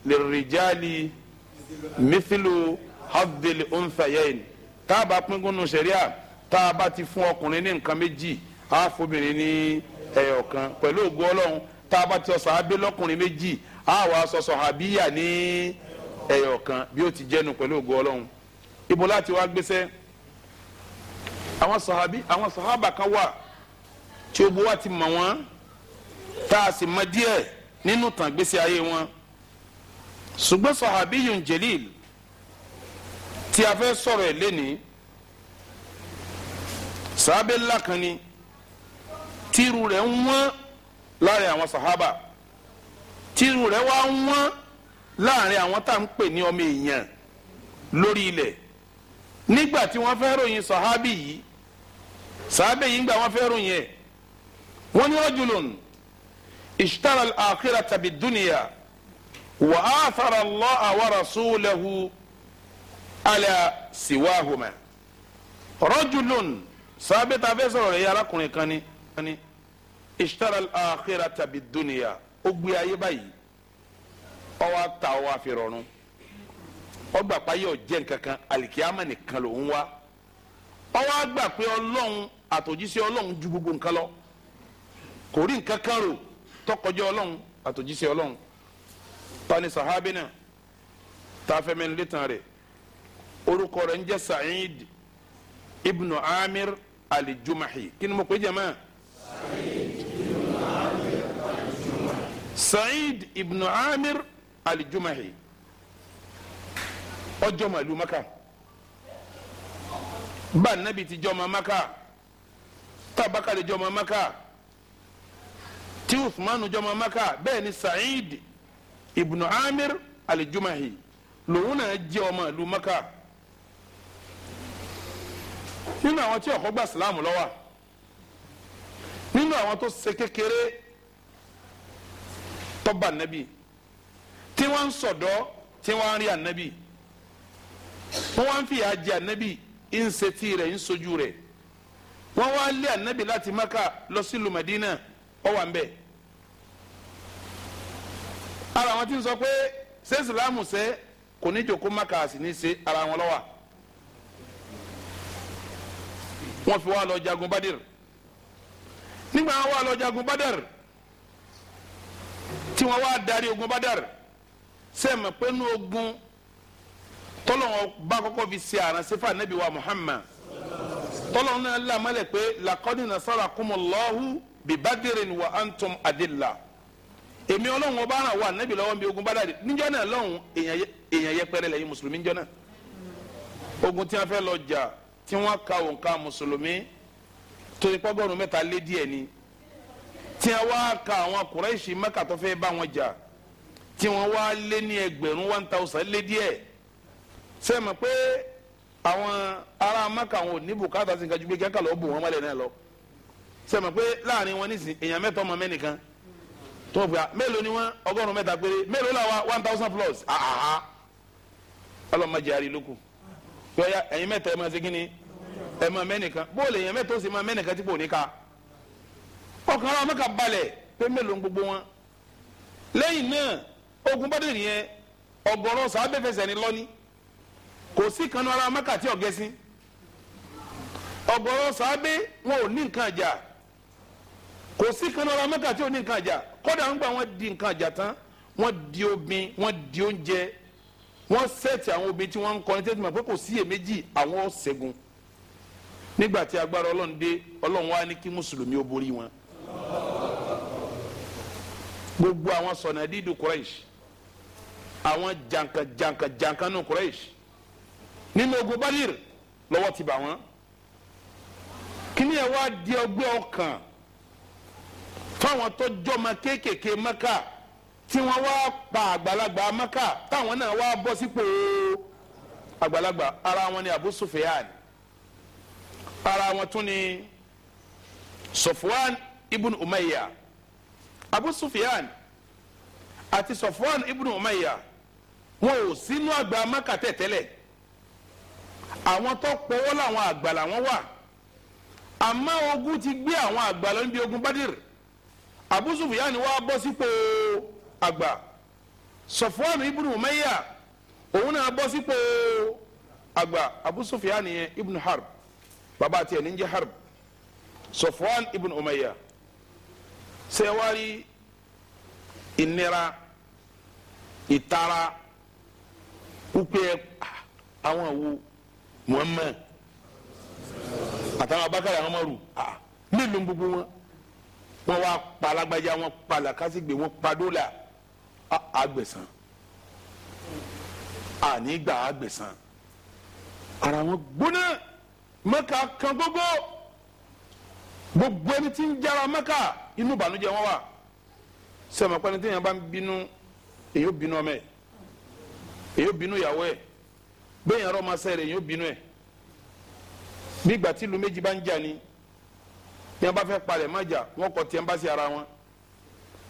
lirijali mithilu hadil unthayain tá a bá pín gúnnú sẹ̀ríà tá a bá ti fún ọkùnrin ní nǹkan méjì á fobìnrin ní ẹ̀yọ̀kan pẹ̀lú ògo ọlọ́run tá a bá ti sọ sàábí lọ́kùnrin méjì á wàá sọ sàhábíyà ní ẹ̀yọ̀kan bí ó ti jẹ́nu pẹ̀lú ògo ọlọ́run ibo láti wá gbéṣẹ́ àwọn sàhábí àwọn sàhábà kan wà tí gbogbo wa ti mọ̀ wọ́n tá a sì mọ díẹ̀ nínú tàn gbèsè ayé wọn ṣùgbọ́n sahabiyun jalil tí a fẹ́ sọ̀rọ̀ ẹ̀ lénìí sàábẹ́ ńlá kan ni tírú rẹ̀ ń wọ́n láàrin àwọn sàhábà tírú rẹ̀ wá ń wọ́n láàrin àwọn tá à ń pè ní ọmọ èèyàn lórí ilẹ̀ nígbà tí wọ́n fẹ́ ròyìn sàhábì yìí sàábẹ́ yìí ń gbà wọ́n fẹ́ ròyìn ẹ̀ wọ́n ní rajulun ishtara al-akhirata bid-dunya wa athara Allaha wa rasulahu ala siwahuma rajulun sábẹ́ta fẹ́ sọ̀rọ̀ rẹ̀ arákùnrin kan ni ishtara al-akhirata bid-dunya ó gbé ayé báyìí ó wá ta ó wá fi rọrùn ó gbà pé yóò jẹ́ nǹkankan alikiyama nìkan ló ń wá ó wá gbà pé ọlọ́run àtòjíṣẹ́ ọlọ́run ju gbogbo nǹkan lọ kò rí nǹkan kan rò tọkọjọ ọlọ́run àtòjíṣẹ́ ọlọ́run ta ni sahabi náà tá a fẹ́ mẹ́nu létan rẹ̀ orúkọ rẹ̀ ń jẹ́ Sa'id ibnu Amir alijumahi kí ni mo pè jẹ́mọ́ Sa'id ibnu Amir alijumahi ọjọ́ màlúù maka bá nàbì ti jọ́ ma maka tábàkà lè jọ́ ma maka tí usman jọmọ maka bẹ́ẹ̀ ni saheed ibnu amir alijumahi lòun náà jẹ́ ọmọ ìlú maka nínú àwọn tí ọkọ gba islam lọ́wọ́ nínú àwọn tó ṣe kékeré tọ́ba nẹ́bí tí wọ́n ń sọ̀dọ́ tí wọ́n ń rí ànẹ́bí wọ́n wá ń fìyà jẹ ànẹ́bí ń ṣetí rẹ̀ ń sojú rẹ̀ wọ́n wá lé ànẹ́bí láti maka lọ sí lu Madina ó ara wọn ti ń sọ pé ṣé ìsìlámù ṣe kò ní jòkó maka sì ní ṣe ara wọn lọ́wọ́ wọn fi wá lọ jagun badir nígbà wọn wá lọ jagun badir tí wọn wá darí ogun badir sẹ́mi pé ní ogun tọ́lọ́wọ́n bá kọ́kọ́ fi ṣe àránṣẹ́fà nẹ́bí wa Muhammad tọ́lọ́wọ́n náà lámọ́lẹ̀ pé laqad nasarakumullahu bi badirin wa antum adilla èmi ọlọ́run ọba ràn wá nẹ́bí lọ́wọ́ mi ogun bádàrí níjọ́ náà lọ́hùn èèyàn yẹpẹrẹ lẹ́yìn mùsùlùmí níjọ́ náà ogun tí wọ́n fẹ́ lọ jà tí wọ́n ka òǹkà mùsùlùmí torí pọ́gọ́rùn mẹ́ta lé díẹ̀ ni tí wọ́n wá ka àwọn kùrẹ́ṣì mẹ́ka tó fẹ́ bá wọn jà tí wọ́n wá lé ní ẹgbẹ̀rún one thousand lé díẹ̀ sẹ́mi pé àwọn ará mẹ́ka wọn ò ní bùkátà sí nǹkan ju gbé kẹ́kà lọ́ bù wọ́n mọ́lẹ̀ náà lọ sẹ́mi pé láàrin wọn nísìnyí èèyàn mẹ́tọ́ ọmọ mẹ́nìkan tó fìyà mélòó ni wọn ọgọ́rùn mẹ́ta péré mélòó la wa one thousand plus ahaha ah. ọlọmọdé ari lóko yọya ẹ̀yin mẹta ẹ máa ṣe kíni ẹ máa mẹnìkan bóòlù ẹ̀yin mẹ́ta ó sì máa mẹnìkan tí kò ní ka ọkàn ara wọn kà pé mélòó gbogbo wọn lẹ́yìn náà ogun bá dèrè yẹn ọgọ́rùn sábẹ́ fẹsẹ̀ ni lọ́ni kò sí kanu ara mẹ́ka tí ọ̀gẹ́sí ọgọ́rùn sábẹ́ wọn ò ní nǹkan àjà kò sí kanu ara mẹ́ka tí ò ní nǹkan àjà kódà ń gbà wọ́n di nǹkan àjà tán wọ́n di obìn wọ́n di oúnjẹ wọ́n sẹ́ẹ̀tì àwọn obìn tí wọ́n ń kọrin tẹ́tí mọ̀ pé kò síyèméjì àwọn ṣẹ́gun nígbà tí agbára ọlọ́run dé ọlọ́run wá ní kí mùsùlùmí ó borí wọn gbogbo àwọn sọ̀nà dídùn kúrẹ́ṣì àwọn jàǹkà jàǹkà jàǹkà nù kúrẹ́ṣì nínú ogun Badir lọ́wọ́ ti bà wọ́n kí ni ẹ wá di ọgbẹ́ ọkàn fáwọn tó jọmọ kéékèèké mẹ́kà tí wọ́n wá pa àgbàlagbà mẹ́kà táwọn náà wá bọ́ sípò àgbàlagbà ara wọn ni Abu Sufyan ara wọn tún ni Sofwan ibn Umayya Abu Sufyan àti Sofwan ibn Umayya wọn ò sínú àgbà mẹ́kà tẹ̀tẹ́lẹ̀ àwọn tó pọwọ́ làwọn àgbà làwọn wà àmọ́ ogun ti gbé àwọn àgbà níbi ogun Badir Abu Sufyan wa bọ́ sípò àgbà Sọfwan ibnu Umayya òun náà bọ́ sípò àgbà Abu Sufyan yẹn ibnu Harb bàbá tiẹ̀ ní jẹ́ Harb Sọfwan ibnu Umayya sẹ́wárí ìnira ìtara wípé àwọn wo Muhammad àtàwọn abakar àwọn ọmọ rù nílùú gbogbo wọn wọ́n wá pa alágbájá wọ́n pa làkàsígbè wọ́n pa dólà àgbẹ̀sán ànígbà àgbẹ̀sán ara wọn gbóná mẹ́ka kan gbogbo gbogbo ẹni tí ń jára mẹ́ka inú ìbànújẹ́ wọn wà sẹ́mi pẹ́ni tí èèyàn bá ń bínú èyí ó bínú ọmọ ẹ̀ èyí ó bínú ìyàwó ẹ̀ bẹ́ẹ̀ yẹn rọ́ ọmọ sẹ́rẹ̀ èyí ó bínú ẹ̀ bí ìgbà tí ìlú méjì bá ń jà ni tí wọ́n bá fẹ́ palẹ̀ má jà wọ́n kọ tiẹ̀ ń bá sí ara wọn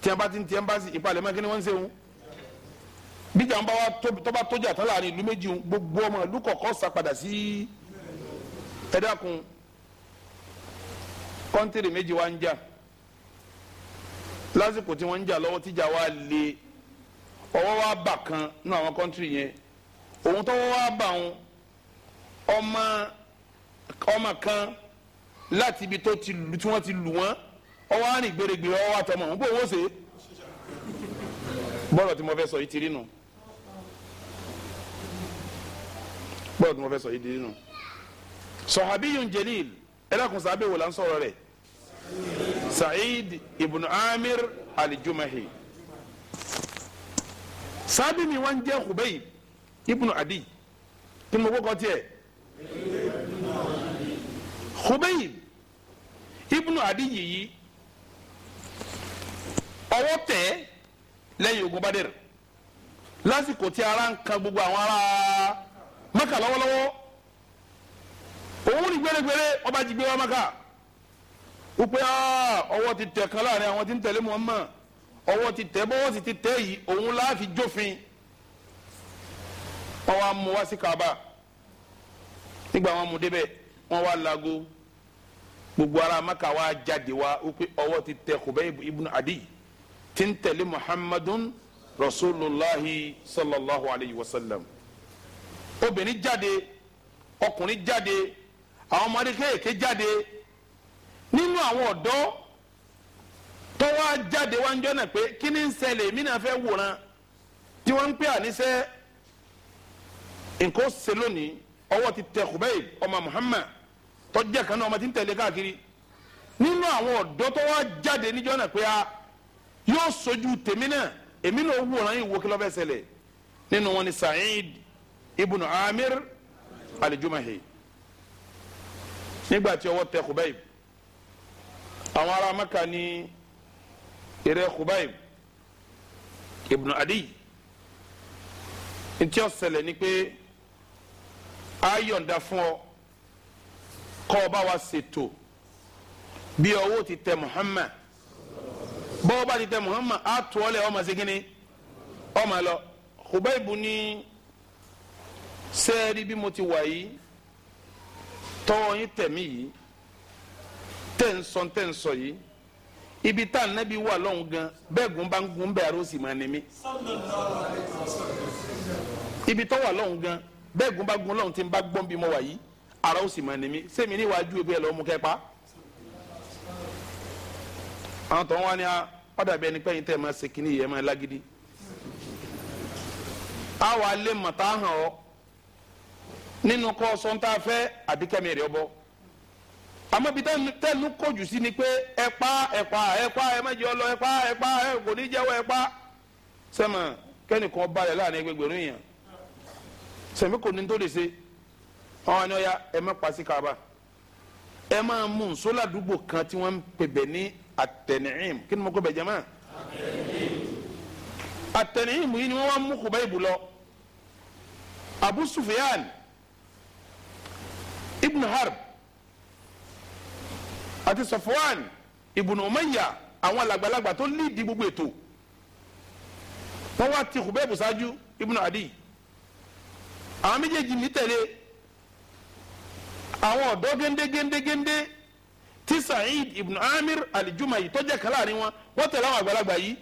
tí wọ́n bá ti ń tiẹ̀ ń bá sí ìpalẹ̀ má kí ni wọ́n ń ṣe wọn. bíjà ń bá wa tọ́ba tójà tán láàrin ìlú méjì ń gbogbo ọmọ ìlú kọ̀ọ̀kan sá padà sí ẹ dákun kọ́ńtìrì méjì wa ń jà lásìkò tí wọ́n ń jà lọ́wọ́ tíjà wa le ọwọ́ wa bà kan nínú àwọn kọ́ńtìrì yẹn òun tọ́wọ́ wa bà wọn ọmọ kan láti ibi tó ti lù tí wọ́n ti lù wọ́n ọwọ́ àrìn gbèrègbè ọwọ́ àtọmọ òun kò wọ́n ṣe bọ́ọ̀lù tí mo fẹ́ sọ yìí ti rí nù bọ́ọ̀lù tí mo fẹ́ sọ yìí ti rí nù sahabiyun jalil ẹlẹ́kùn sábẹ́ wò ń sọ̀rọ̀ rẹ̀ Sa'id ibn Amir al-Jumahi sábẹ́ mi wá ń jẹ́ Khubayb ibn Adi kí ni mo kọ́kọ́ tiẹ̀ Khubayb. Ibnu àdìyí yìí ọwọ́ tẹ̀ lẹ́yìn ogun Badr lásìkò tí ara ń kan gbogbo àwọn ará Maka lọ́wọ́lọ́wọ́ òun ní gbérégbéré ọba jí gbé wá Maka wípé ọwọ́ ti tẹ̀ kan láàrin àwọn tí ń tẹ̀lé Muhammad ọwọ́ ti tẹ̀ bọ́wọ́ sì ti tẹ̀ yìí òun láàfi jófin wọ́n wá mú wá sí Kaaba nígbà wọn mú débẹ̀ wọ́n wá lago gbogbo ara maka wa jáde wa wípé ọwọ́ ti tẹ Khubayb ibn Adi tí ń tẹ̀lé muhammadun rasulillahi sallallahu alayhi wa sallam obìnrin jáde ọkùnrin jáde àwọn ọmọdé kéèké jáde nínú àwọn ọ̀dọ́ tó wá jáde wá ń jọ́nà pé kí ni ń ṣẹlẹ̀ mí náà fẹ́ wòran tí wọ́n ń pè àníṣe nǹkan ó ṣe lónìí ọwọ́ ti tẹ Khubayb ọmọ muhammad tọ́jà kan náà ọmọ tí ń tẹ̀lé káàkiri nínú àwọn ọ̀dọ́ tó wá jáde níjọ́ náà pé a yóò sojú tèmi náà èmi náà wòran yìí wo kí ló fẹ́ nínú wọn ni Sa'id ibn Amir al-Jumahi nígbà tí ọwọ́ tẹ Khubayb àwọn ará Maka ní eré Khubayb ibn Adi ntí ó ṣẹlẹ̀ ni pé a fún ọ kọ́ ọ bá wa ṣètò bí ọwọ́ ti tẹ Muhammad bọ́ọ̀ bá ti tẹ Muhammad á tó ọ lẹ̀ ọmọ sí kínní ọmọ lọ Hubaibu ní sẹ́ẹ̀rí bí mo ti wà yìí tọ́wọ́ yín tẹ̀mí yìí tẹ̀ ń sọ tẹ̀ ń sọ yìí ibi tá a nẹ́bi wà lọ́hùn gan bẹ́ẹ̀ gùn bá ń gùn bẹ́ẹ̀ aró sì máa ní mí ibi tọ́wọ́ lọ́hùn gan bẹ́ẹ̀ gùn bá gùn lọ́hùn tí ń bá gbọ́n bí mo wà yìí ara si ma nimi ẹni mi sẹ́mi níwájú ebi ẹ̀ lọ́ mú kẹ́pa. àwọn a ọ̀dà bí ẹni pẹ́yìn máa ṣe kínní yìí máa a hàn ọ́ nínú kọ́ sọ́ńtà fẹ́ àdìkẹ́mi rẹ̀ bọ́ àmọ́ ibi tẹ́nu kojú sí ni pé ẹ pa ẹ pa ẹ pa ẹ má jẹ́ ọ lọ ẹ pa ẹ pa ẹ kò ní jẹ́wọ́ ẹ pa. kẹ́nìkan balẹ̀ láàrin sẹ́mi kò ní tó àwọn àni ọ̀ya ẹ má pa sí kaaba ẹ máa mú nsọ́lá àdúgbò kan tí wọ́n ń pèbè ní àtẹnìyìm kí ni mo kọ́ bẹ̀ jẹ́ àtẹnìyìm yìí ni wọ́n wá mú kùbá ìbù lọ Abu Sufyan ibn Harb àti Safwan ibn Umayya àwọn alàgbàlagbà tó lídìí gbogbo ètò wọ́n wá ti kùbá ìbù ṣáájú ibn Adi àwọn méjèèjì ní tẹ̀lé àwọn ọ̀dọ́ géńdégéńdégéńdé tí Saheed ibn Amir al-Jumahi tó jẹ́ kan láàrin wọn wọ́n tẹ̀lé àwọn àgbàlagbà yìí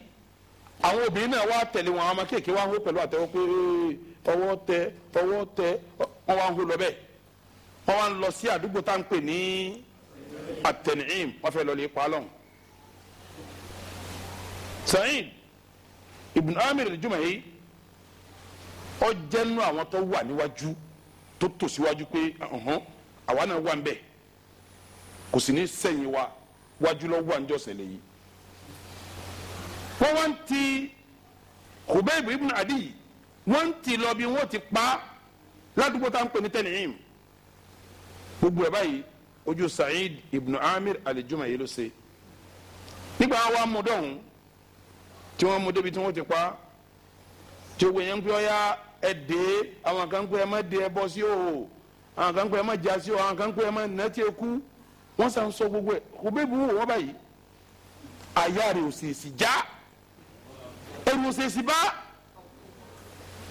àwọn obìnrin náà wá tẹ̀lé wọn àwọn ọmọ kéèké wá hó pẹ̀lú àtẹwọ́ pé ọwọ́ tẹ ọwọ́ tẹ wọ́n wá ń hó lọ bẹ́ẹ̀ wọ́n wá ń lọ sí àdúgbò tá à ń pè ní atẹnìím wọ́n fẹ́ lọ lè pa á lọ́hùn. Saheed ibn Amir al-Jumahi ó jẹ́nu àwọn tó wà níwájú tó tò síwájú pé ọ̀hún. Uh -huh àwa náà wà ń bẹ̀ kò sì ní sẹ́yìn wa wájú lọ wà ń jọ yìí wọ́n wá ti Khubayb ibn Adi wọ́n ń ti lọ bí wọ́n ti pa ládùúgbò tá à ń pè ní tẹ̀lẹ́yìn gbogbo ẹ̀ báyìí ojú Sa'id ibn Amir alijuma jumahi ló ṣe nígbà wa mú dọ̀hún tí wọ́n mú débi tí wọ́n ti pa tí owó yẹn ń pè ọ́ yá ẹ̀ dé àwọn kan ń pè ẹ má dé ẹ bọ́ sí òòó àwọn ah, kan pé ẹ má jásí o àwọn kan pé ẹ má nàtí ẹ kú wọ́n sàn sọ gbogbo ẹ̀ kò bẹ́ẹ̀ bu wọ́n báyìí àyà rẹ̀ ò sèèsì já ẹ̀rù ò sèèsì bá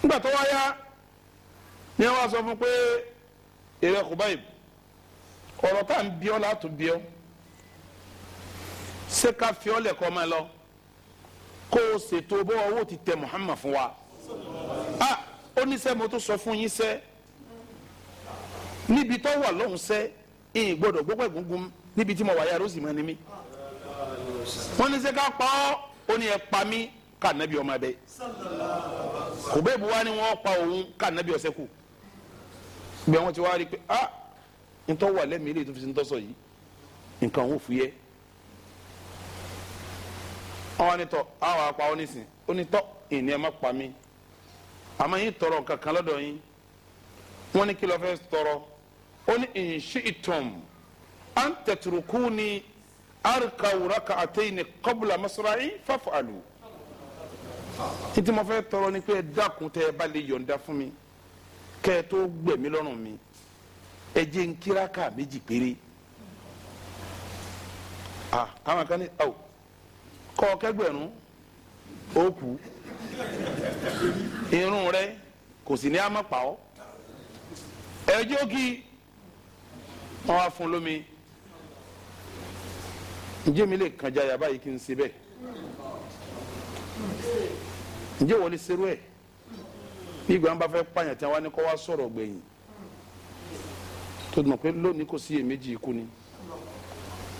nígbà tó wáyà ni wọ́n sọ fún pé èrè kò báyìí ọ̀rọ̀ tá à bí ọ́ látò bí ọ́ ṣé ká fi ọ́ lẹ̀kọ́ máa lọ kó o ṣètò bó ọwọ́ ti tẹ Muhammad fún wa ah ó ní sẹ́ mo tó sọ fún yín sẹ́ níbi tó wà lọ́hùn sẹ́ ẹ̀yìn gbogbo ẹ̀gúngún níbi tí mo wà yà ó mọ mọ́ mi. ká pa ọ́ ó ní ẹ pa mí ká nàbí ọmọ abẹ. kò bẹ́ẹ̀ bu wá ni wọ́n pa òun ká nàbí ti wá pé ah ntọ́ wà ntọ́ sọ yìí nǹkan àwọn ọ tọrọ kankan ní tọrọ. ó ní in shi'tum an tatrukuni arkaw rak'atayn qabla masra'i faf'alu. títí mo fẹ́ tọrọ ni pé ẹ dákun tẹ́ ẹ bá lè mi kẹ́ ẹ tó gbẹ̀mí lọ́rùn mi ẹ jẹ́ n kíráka méjì péré. kan ní ọ kọ́ ọ kẹgbẹ̀rún ó kù irun rẹ kò sì ní a ma pa wọ́n wá fún lómi ǹjẹ́ mi lè kàn jáyà báyìí kí n ṣe bẹ́ẹ̀ ǹjẹ́ wọ́n lè ṣerú ẹ̀ bí ìgbà ń bá fẹ́ pààyàn tí wọ́n á ní kó wá sọ̀rọ̀ gbẹ̀yìn tó dùn pé lónìí kò sí èméjì ikú ni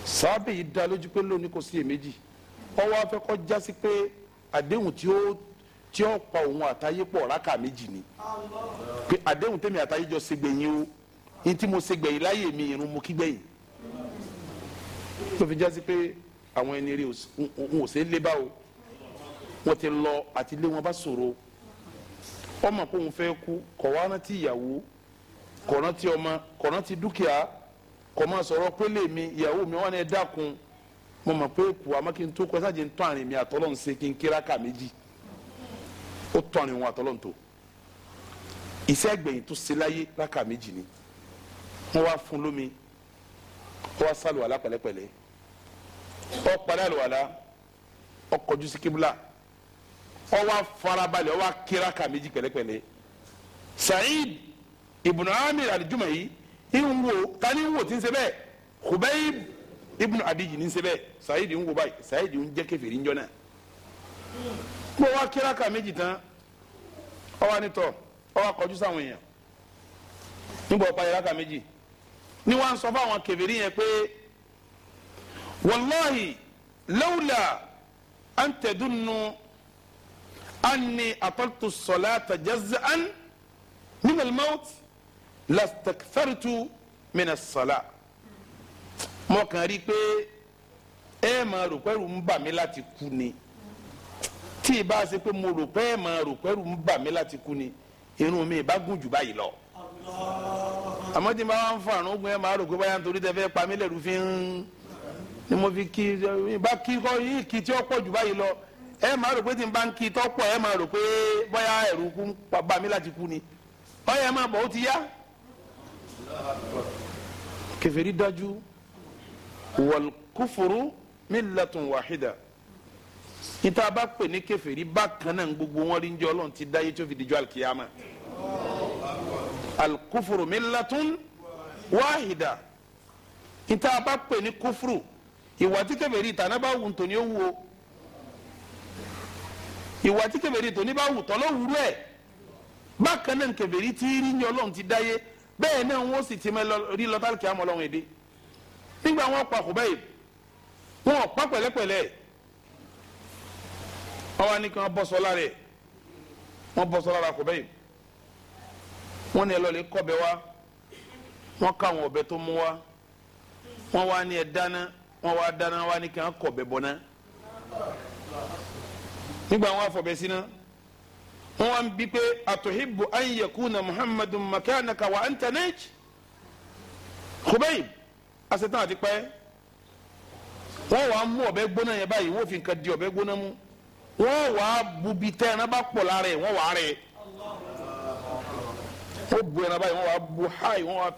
sábẹ́ yìí dá lójú pé lónìí kò sí èméjì wọ́n wá fẹ́ kó jásí pé àdéhùn tí ó tí ó pa òun àtayé pọ̀ rákà méjì ni pé àdéhùn tèmi àtayé jọ ṣègbè yín o yìí tí mo ṣe gbẹ̀yìn láyè mi irun mo kí gbẹ̀yìn tó fi jásí pé àwọn ẹni rí n ò ṣe é lé bá o wọ́n ti lọ àti lé wọn bá ṣòro ọmọ kó òun fẹ́ kú kọ̀ wá rántí ìyàwó kọ̀ rántí ọmọ kọ̀ rántí dúkìá kọ̀ máa sọ̀rọ̀ pélé mi ìyàwó mi wọn ni ẹ dákun mo mọ̀ pé kù àmọ́ kí n tó kọ́ sáàjì ń tọ́ àrìn mi àtọ́lọ́ ń ṣe kí n kíra kà méjì ó tọ́ àrìn wọn àtọ́lọ́ ń tò iṣẹ́ tó ṣe láyé láka méjì ni wọ́n wá fún lómi wọ́n wá sálùwàlá pẹ̀lẹ́pẹ̀lẹ́ ó parí àlùwàlá ó kọjú sí kíbla ó wá farabalẹ̀ ó wá kíraka méjì pẹ̀lẹ́pẹ̀lẹ́ Sa'id ibùnà amir al-Jumahi ń wo tani ń wo tí ń ṣe bẹ́ẹ̀ ibùnà adiji ní ń ṣe bẹ́ẹ̀ Sa'id ń wo báyìí Sa'id ń jẹ́ kèfèrí ń jọ náà mo wá kíraka méjì tán ó wá nítọ̀ ó wá kọjú sáwọn èèyàn nígbà ó parí àlùwàlá méjì ni wọ́n sọ fáwọn kèfèrí yẹn pé wallahi lawla an tadunnu anni ataltu salata jaz'an min al-mawt lastakthartu min as-salat mo kàn rí i pé ẹ máa rò pẹ́rù ń bà mí láti kú ni tí ì ṣe pé mo rò pé ẹ máa rò pẹ́rù ń bà mí láti kú ni irun mi ìbá gùn jù báyìí lọ. àmọ́ tí n bá wà ń fún àrùn ogun yẹn máa rò báyà nítorí fi ń ni mo fi kí ìbá kí kọ́ yìí kí tí ó pọ̀ jù báyìí lọ máa rò pé tí n bá ń kí tọ́ pọ̀ ẹ máa rò pé bóyá ẹ̀rù kú bá ti yá. dájú wahida níta bá pè ní kèfèrí bákan náà gbogbo wọn rí ń alukufuru milatun wahida ìta bá pè ní kufuru ìwà tí kèfèrí ìtànà bá wù ntòní ó wù o ìwà tí kèfèrí ìtòní bá wù tọ́lọ́ wúrú ẹ̀ bákan náà kèfèrí tí rí ní ọlọ́run ti dáyé bẹ́ẹ̀ náà wọ́n sì ti mẹ́ rí lọ́tàlùkì àmọ́ ọlọ́run èdè nígbà wọn pa Khubayb wọn pa pẹ̀lẹ́pẹ̀lẹ́ ọwọ́ ni kí wọ́n bọ́ sọ lára ẹ̀ wọ́n wọ́n ní ẹ lọ́ọ́ lè kọ́bẹ wá wọ́n ká tó mú wá wọ́n wá ní ẹ dáná wá dáná wá ní kí wọ́n kọ̀bẹ bọ̀ náà nígbà wọn afọ̀bẹ síná wọ́n wá ń bí pé atuhibbu an yakuna muhammadun makanaka wa gbóná yẹn báyìí wọ́n fi nǹkan di ọ̀bẹ gbóná mú wọ́n wá bubi tẹ́ ẹ̀ náà bá ó bu ẹran báyìí wọ́n wá bu háì wọ́n wá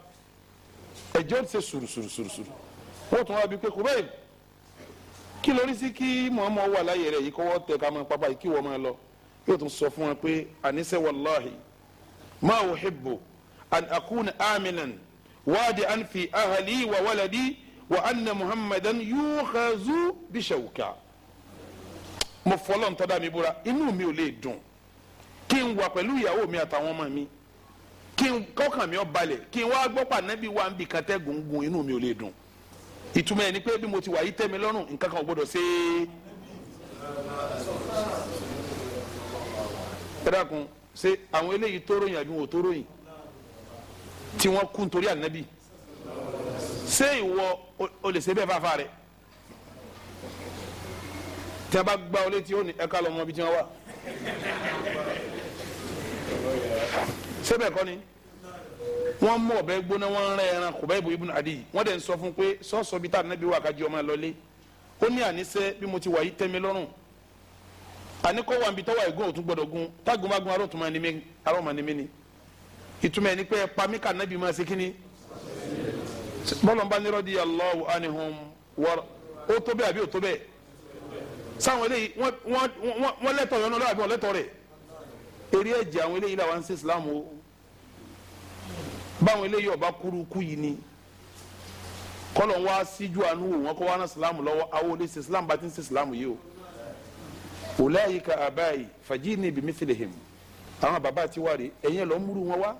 ẹ̀jẹ̀ ó ti ṣe sùrùsùrùsùrù wọ́n tún wá bí pé kò bẹ́ẹ̀ kí lórí sí kí Muhammad wà láyé rẹ̀ yìí kọ́wọ́ tẹ ká máa pápá yìí kí wọ́n máa lọ yóò tún sọ fún wọn pé àníṣe wàláhì máa wò hìbò an akuna aminan wáàdì an fi ahàlì wàlàdí wà anna Muhammadan yóò xazu bishawuka mo fọlọ́ mi búra inú mi ò lè dùn kí n wà pẹ̀lú ìyàwó mi àtàwọn ọmọ mi kí n kọ́kàn mi ó balẹ̀ kí n wá gbọ́ pànẹ́bí wa ń bì kan tẹ́ gungun inú mi ò lè dùn ìtumọ̀ ẹ̀ ni pé bí mo ti wà yí tẹ́ mi lọ́rùn nǹkan kan ò gbọ́dọ̀ ṣe é. ẹ ṣe àwọn eléyìí tó ròyìn àbí wọn ò tó ròyìn tí wọ́n kú nítorí ànábì ṣé ìwọ o bẹ́ẹ̀ fáfá rẹ tí a bá gba ọ létí ó ní ẹ̀ka lọ́mọ bí tí wọ́n wà sẹ́bẹ̀ kọ́ ni wọ́n mú ọ̀bẹ gbóná wọ́n rẹ́ ẹran kò bá ìbò ibùn àdìyí wọ́n dẹ̀ ń sọ fún pé sọ́ọ̀sọ́ bíi táàdì nábì wà kájí ọmọ lọlé ó ní àníṣe bí mo ti wà yí tẹ́mi lọ́rùn àníkọ́ wà níbi tọ́wọ́ ẹ̀gún òtún gbọ́dọ̀ gun tágun bá gun arótùmọ̀ ẹni mi arómọ̀ ẹni mi ni ìtumọ̀ ẹni pé ẹ̀pa mí kà nábì máa ṣe kí ni bọ́lọ̀ ń bá nírọ́ di Allahu anihum wọ́rọ̀ ó tó bẹ́ẹ̀ àbí ó tó bẹ́ẹ̀ sáwọn eléyìí wọ́n lẹ́tọ̀ọ́ yọ̀nà eré ẹ̀jẹ̀ àwọn eléyìí làwọn ń ṣe islam o báwọn eléyìí ọba kúrú kú yìí ni kọlọ̀ ń wá síjú àánú wò wọn kọ́ wá ná islam lọ́wọ́ àwọn olè ṣe islam bá ti ń ṣe islam yìí o wòláyìí ka àbáyìí fàjì ní ibi mísìlẹ̀hìm àwọn bàbá àti wàrí ẹ̀yìn lọ́ múrú wọn wá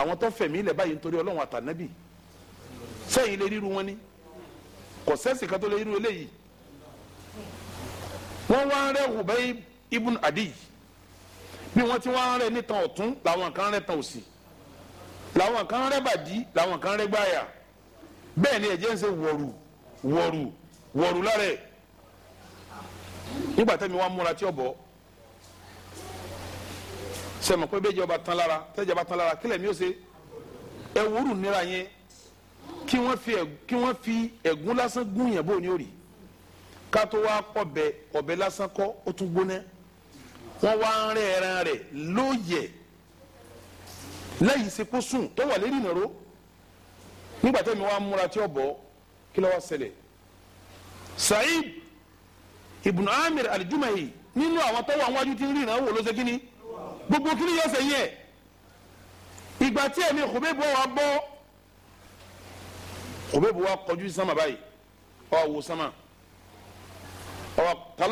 àwọn tó fẹ̀mí ilẹ̀ báyìí nítorí ọlọ́run àtànábì sẹ́yìn lè ríru wọn ni kò sẹ́sì kan tó lè ríru eléyìí wọ́n wá rẹ̀ wùbẹ́ ibùn àdìyí bí wọ́n ti wá ń rẹ nítan ọ̀tún làwọn kan rẹ tan òsì làwọn kan rẹ bàdí làwọn kan rẹ gbáyà bẹ́ẹ̀ ni ẹ̀jẹ̀ ń ṣe wọ̀rù wọ̀rù wọ̀rù lára ẹ̀ nígbà tẹ́mi wá múra tí ó bọ̀ sẹ́mi pé bẹ́ẹ̀ jọba tán lára tẹ́jọba tán lára kílẹ̀ mi ó ṣe ẹ wúrù nira yẹn kí wọ́n fi ẹ̀gún lásán gún yẹn bó ni ó rí ká tó wá ọbẹ̀ ọbẹ̀ lásán kọ́ ó tún gbóná wọ́n wá ń rẹ́ ẹran rẹ̀ lóye lẹ́yìn sepó sùn tó wà lérí ìnáró nígbà tẹ́mi wá múra tí ó bọ̀ kí ló wá ṣẹlẹ̀ Sa'id ibn Amir al-Jumahi nínú àwọn tó wà wájú tí ń rí ìnáwó ló ṣe kí ni gbogbo kí ni yóò ṣe yẹ ìgbà tí ẹ̀mí Khubayb wa bọ́ Khubayb wa kọjú sí sámà báyìí ó wá wo sámà ó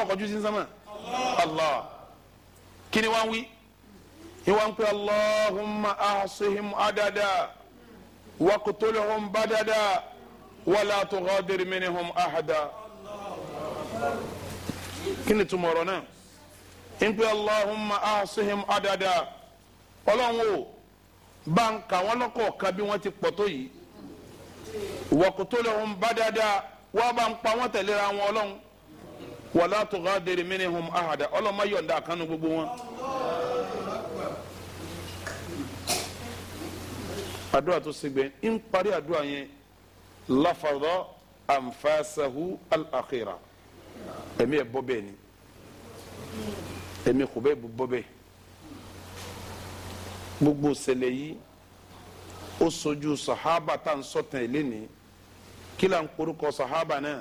kọjú sí sámà Allah. Allah kí ni wọ́n wí ìwọ̀n pé allahumma ahsihim adada waqtulhum badada wala tughadir minhum ahada kí ni túmọ̀ ọ̀rọ̀ náà ìpè allahumma ahsihim adada ọlọ́run o bá ń kà wọ́n lọ́kọ̀ọ̀kan bí wọ́n ti pọ̀ tó yìí waqtulhum badada wọ́n bá ń pa wọ́n tẹ̀léra wọn ọlọ́run wala tughadir minhum ahada ọlọ́run má yọ̀ǹda àkànnú gbogbo wọn. àdúrà tó ṣègbè ń parí àdúrà yẹn lafadha anfasahu al-akhira ẹ̀mí ẹ̀ bọ́ bẹ́ẹ̀ ni ẹ̀mí kò bẹ́ẹ̀ bọ́ gbogbo ṣẹlẹ̀ yìí ó sojú sahaba tá à ń sọ̀tàn ẹ̀ lẹ́nìí kí sahaba náà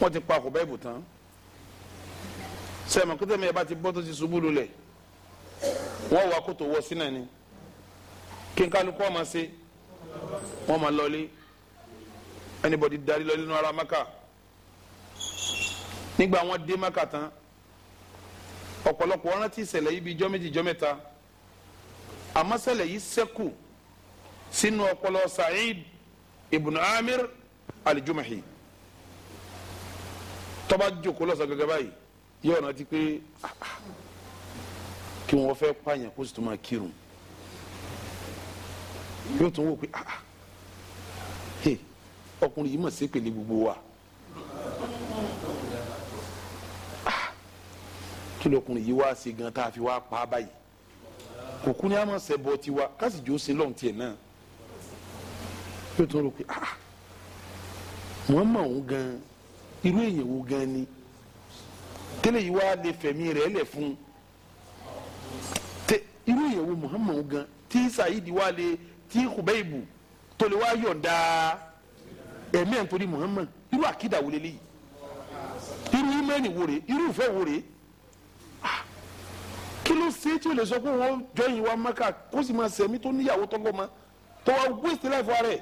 wọ́n ti pa kò bá ìbò tán sẹ́mi kótó mi ẹ̀ bá ti bọ́ tó ti ṣubú lulẹ̀ wọ́n wá kótó wọ sínú ẹni kí n kálukú ọmọ ṣe wọ́n máa lọlé anybody darí lọlé nínú ara maka nígbà wọ́n dé maka tán ọ̀pọ̀lọpọ̀ rántí ìṣẹ̀lẹ̀ yìí bíi jọ́ méjì jọ́ mẹ́ta àmọ́ ṣẹlẹ̀ yìí ṣẹ́kù sínú ọpọlọ Sa'id ibn Amir al-Jumahi tó bá jókòó lọ́sàn gẹ́gẹ́ báyìí yóò rántí pé ah, ah, kí wọ́n fẹ́ pààyàn kó sì tún máa kírun yóò tún wò pé ah, ọkùnrin yìí mọ̀ sí pèlè gbogbo wa kí lọkùnrin yìí wá ṣe gan tá a fi wá pa á báyìí kò kú ni a máa ṣẹbọ tiwa ká sì jó sin lọ́hùn tiẹ̀ náà pé tó ah wọ́n ah, mọ̀ òun gan irú èèyàn wo gan ni tẹ́lẹ̀ yìí wá lè fẹ̀mí rẹ̀ lẹ̀ fún irú èèyàn wo Muhammad gan tí Saidi wá lè tí Khubeibu tó lè wá yọ̀ǹda ẹ̀mí ẹ̀ ń torí Muhammad irú Akida wo lélẹ́yìí irú imẹ́ni wo rè irú ìfẹ́ wo rè ah, kí ló ṣe tí o lè sọ pé wọ́n jọ ìyìnwá maka kó sì máa sẹ̀mí tó níyàwó tọ́gbọ́n ma tó wá wíṣẹ́ láì ara ẹ̀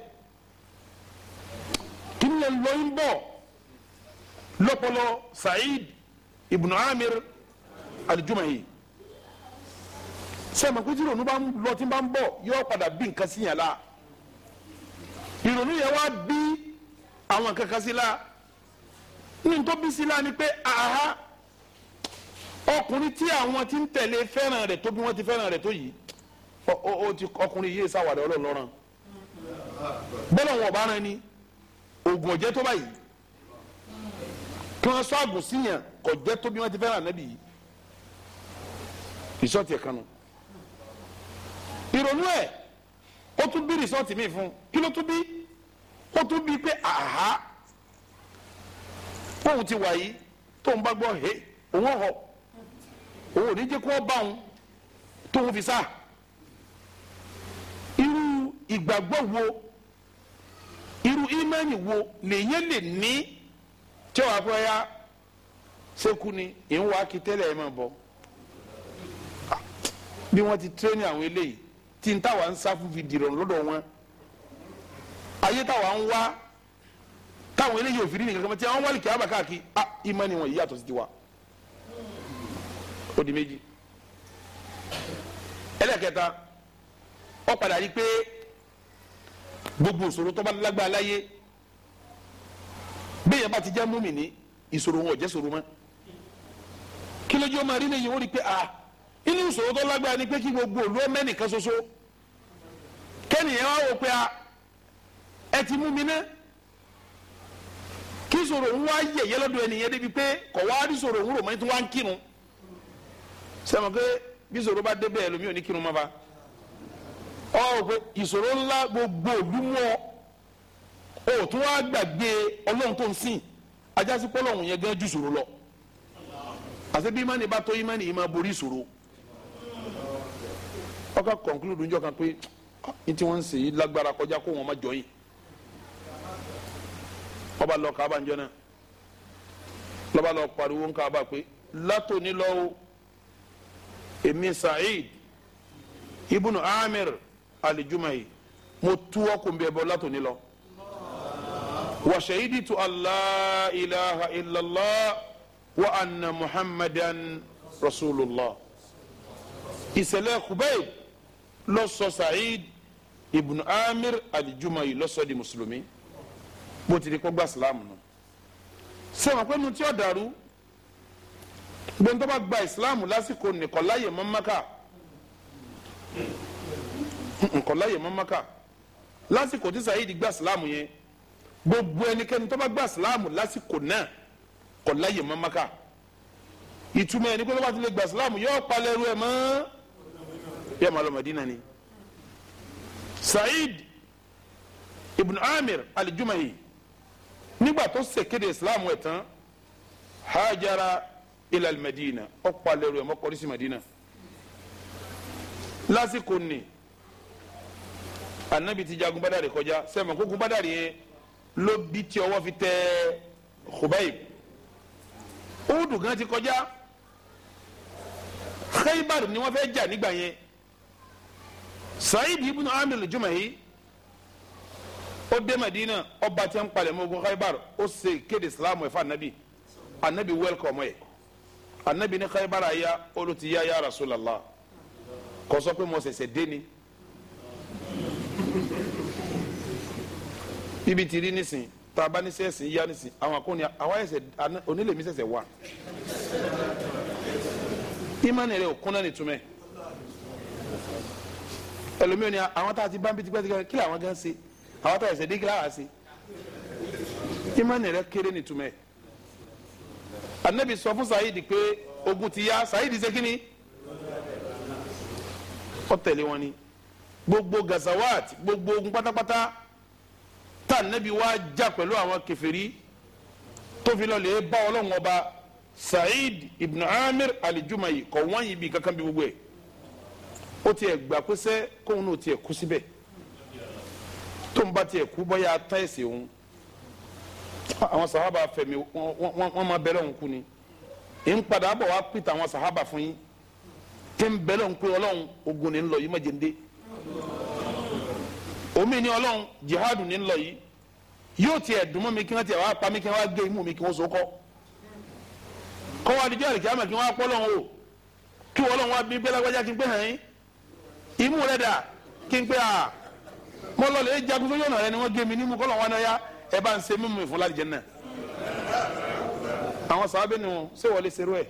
ń lọ lọ ń bọ̀ Sa'id ibn Amir al-Jumahi sẹ́mi kó tí ìrònú bá ń lọ tí ń bá ń bọ̀ yóò padà bí nǹkan sí yàn la ìrònú yẹn wá bí àwọn nǹkan kan sí la ní tó bí sí la ni pé aha ọkùnrin tí àwọn ti ń tẹ̀lé fẹ́ràn rẹ̀ tó bí wọ́n ti fẹ́ràn rẹ̀ tó yìí ọkùnrin yìí sáwàdà ọlọ́run lọ́rùn bọ́lá wọn ọ̀bá rẹ ni oògùn ọ̀jẹ́ tó báyìí kí wọ́n sọ àgùn síyàn kò jẹ́ tó bí wọ́n ti fẹ́ràn ànábì yìí rìsọ́ọ̀tì ẹ̀kan nu ìrònú ẹ̀ ó tún bí rìsọ́ọ̀tì míì fún kí ló tún bí ó tún bí pé àhá òun ti wà yìí tóun bá gbọ́ he òun ọ̀họ̀ òun ò ní jẹ́ kó ọ bá òun tóun fi sá irú ìgbàgbọ́ wo irú ìmánì wo lèyẹn lè ní tí wàá fọ ya sẹ́kù ni ìwọ akitẹ́lẹ̀ ẹ̀ máa bọ̀ bí wọ́n ti tírẹ́nì àwọn eléyìí tí n táwa ń sá fún fi dìrọ̀ lọ́dọ̀ wọn ayé táwa ń wá táwọn eléyìí òfin nìkan kan tí àwọn wálé kìí abàkáàkì a wọn yìí yàtọ̀ sí tiwa ó di méjì ẹlẹ́kẹta ó padà rí pé gbogbo ìṣòro tó bá lágbára láyé bẹ́ẹ̀ bá ti já múmìnì ìṣòro wọn ò jẹ́ ṣòro mọ́ kí lójú ọmọ àrílé yìí wọ́n rí pé ah inú ìṣòro tó lágbára ni pé kí gbogbo òlú ọmọ ẹnìkan ṣoṣo kẹ́nìyàn wá wò pé ah ẹ ti mú mi ná kí ìṣòro ń wá yẹ̀yẹ́ lọ́dọ̀ ẹnìyẹn débi pé kọ̀ wá rí ìṣòro ń rò mọ́ ní tí wọ́n ń kírun sẹ́wọ̀n pé bí ìṣòro bá dé bẹ́ẹ̀ lómi ò ní kírun mọ́ bá ọ pé ìṣòro ńlá gbogbo òlú mú ọ o tún wá gbàgbé ọlọ́run tó ń sìn ajásí pọ́lọ́hún yẹn gan ju ìṣòro lọ àti bí imáni bá tó imáni yìí máa borí ìṣòro ọkọ kọ̀ǹkúlùdù ń jọ kan pé ah, ní tí wọ́n ń sè é lágbára kọjá kó wọn má jọ yìí ọba lọ kaba ń jọ náà lọba lọ pariwo ń kaba pé látòní lọ́wọ́ èmi Sa'id ibùnú Amir alijuma yìí mo túwọ́ kò ń bẹ bọ́ látòní lọ. wa shahiditu alla ilaha illallah wa anna muhammadan rasulullah. ìṣẹ̀lẹ̀ kubayi ló sọ sa'id ibn amir alijuma yìí ló sọ di mùsùlùmí bó ti di kó gba islam nù. ti ọ̀ dàrú gbẹ̀ntọ́ gba islam lásìkò nìkan láyè nkọ láyè mọ́ maka lásìkò tí saheed gba sílámù yẹn gbogbo ẹnikẹ́ni tó bá gba sílámù lásìkò náà kọ láyè mọ́ maka ìtumọ̀ ẹni pé tó bá ti lè gba sílámù yóò palẹ̀ ẹrú ẹ̀ mọ́ yóò máa lọ Madina ni saheed ibn amir alijumahi nígbà tó ṣèkéde ìsìlámù ẹ̀ tán hajara ilal madina ó palẹ̀ ẹrú ẹ̀ mọ́ kọrí sí Madina lásìkò ni anabi ti jagun badari kọjá sẹ́mi kúkú badari yẹn ló bí tí ọwọ́ fi tẹ Khubayb Udu gan ti kọjá Khaybar ni wọ́n fẹ́ jà nígbà yẹn Sa'id ibn Amir jumahi ó dé Madina ọba tí ń palẹ̀ mọ́ ogun Khaybar ó ṣe kéde Islam ẹ̀fọ́ anabi anabi welcome ẹ̀ anabi ní Khaybar aya olùtí yá ya Rasulallah kọ́sọ́ pé mo ṣẹ̀ṣẹ̀ bíbí ti rí nísìn tá a bá ní sẹ́ẹ̀sì yá nísìn àwọn akóni àwa ẹ̀sẹ̀ onílèmí sẹ̀sẹ̀ wà ìmánì rẹ̀ ò kúnná nìtumẹ̀ ẹlòmíràn ni àwọn tá a ti bá ń bí tipẹ́tipẹ́ kí làwọn gan ṣe àwọn tá a ẹ̀sẹ̀ dé kí làwọn ṣe ìmánì rẹ̀ kéré nìtumẹ̀ anabi sọ fún sayidi pé ogun ti ya sayidi ṣe kíni ó tẹ̀lé wọn ni gbogbo gazawat gbogbo ogun pátápátá tá ànábì wá já pẹ̀lú àwọn kèfèrí tó fi lọ́ọ́ bá ọlọ́run ọba Sa'id ibn Amir al-Jumahi kọ̀ wọ́n yìí bí kankan bí gbogbo ẹ̀ ó tiẹ̀ gbà pé sẹ́ kóun náà tiẹ̀ kú síbẹ̀ tó ń bá tiẹ̀ kú bọ́yá tá ẹ̀sìn òun àwọn sahaba fẹmi wọn ma bẹlẹ òun kú ni n padà bọ̀ wá pìtà àwọn sahaba fún yín kí n bẹlẹ òun kú ọlọ́run ogun ni n lọ yìí má jẹ́ n dé omi ni ọlọ́run jihadu ní lọ yìí yóò tiẹ̀ dùnmọ́ mi kí wọ́n tiẹ̀ wá pa mi kí wọ́n wá gé imú mi kí wọ́n so kọ́ kọ́ wa dijọ́ àlìkí àmọ̀ kí wọ́n wá pọ́ o kí wọ́n lọ́hùn bí gbẹ́lágbájá kí n pé hàn yín imú rẹ̀ dà kí n pé à mọ́ lọ́lẹ̀ ẹ jagun sójú ọ̀nà rẹ ni wọ́n gé mi nímú kọ́ lọ́hùn wá náà yá ẹ bá ń ṣe mímu ìfúnlá jẹ náà àwọn sábẹ́ ni wọn ṣé wọlé ṣerú ẹ̀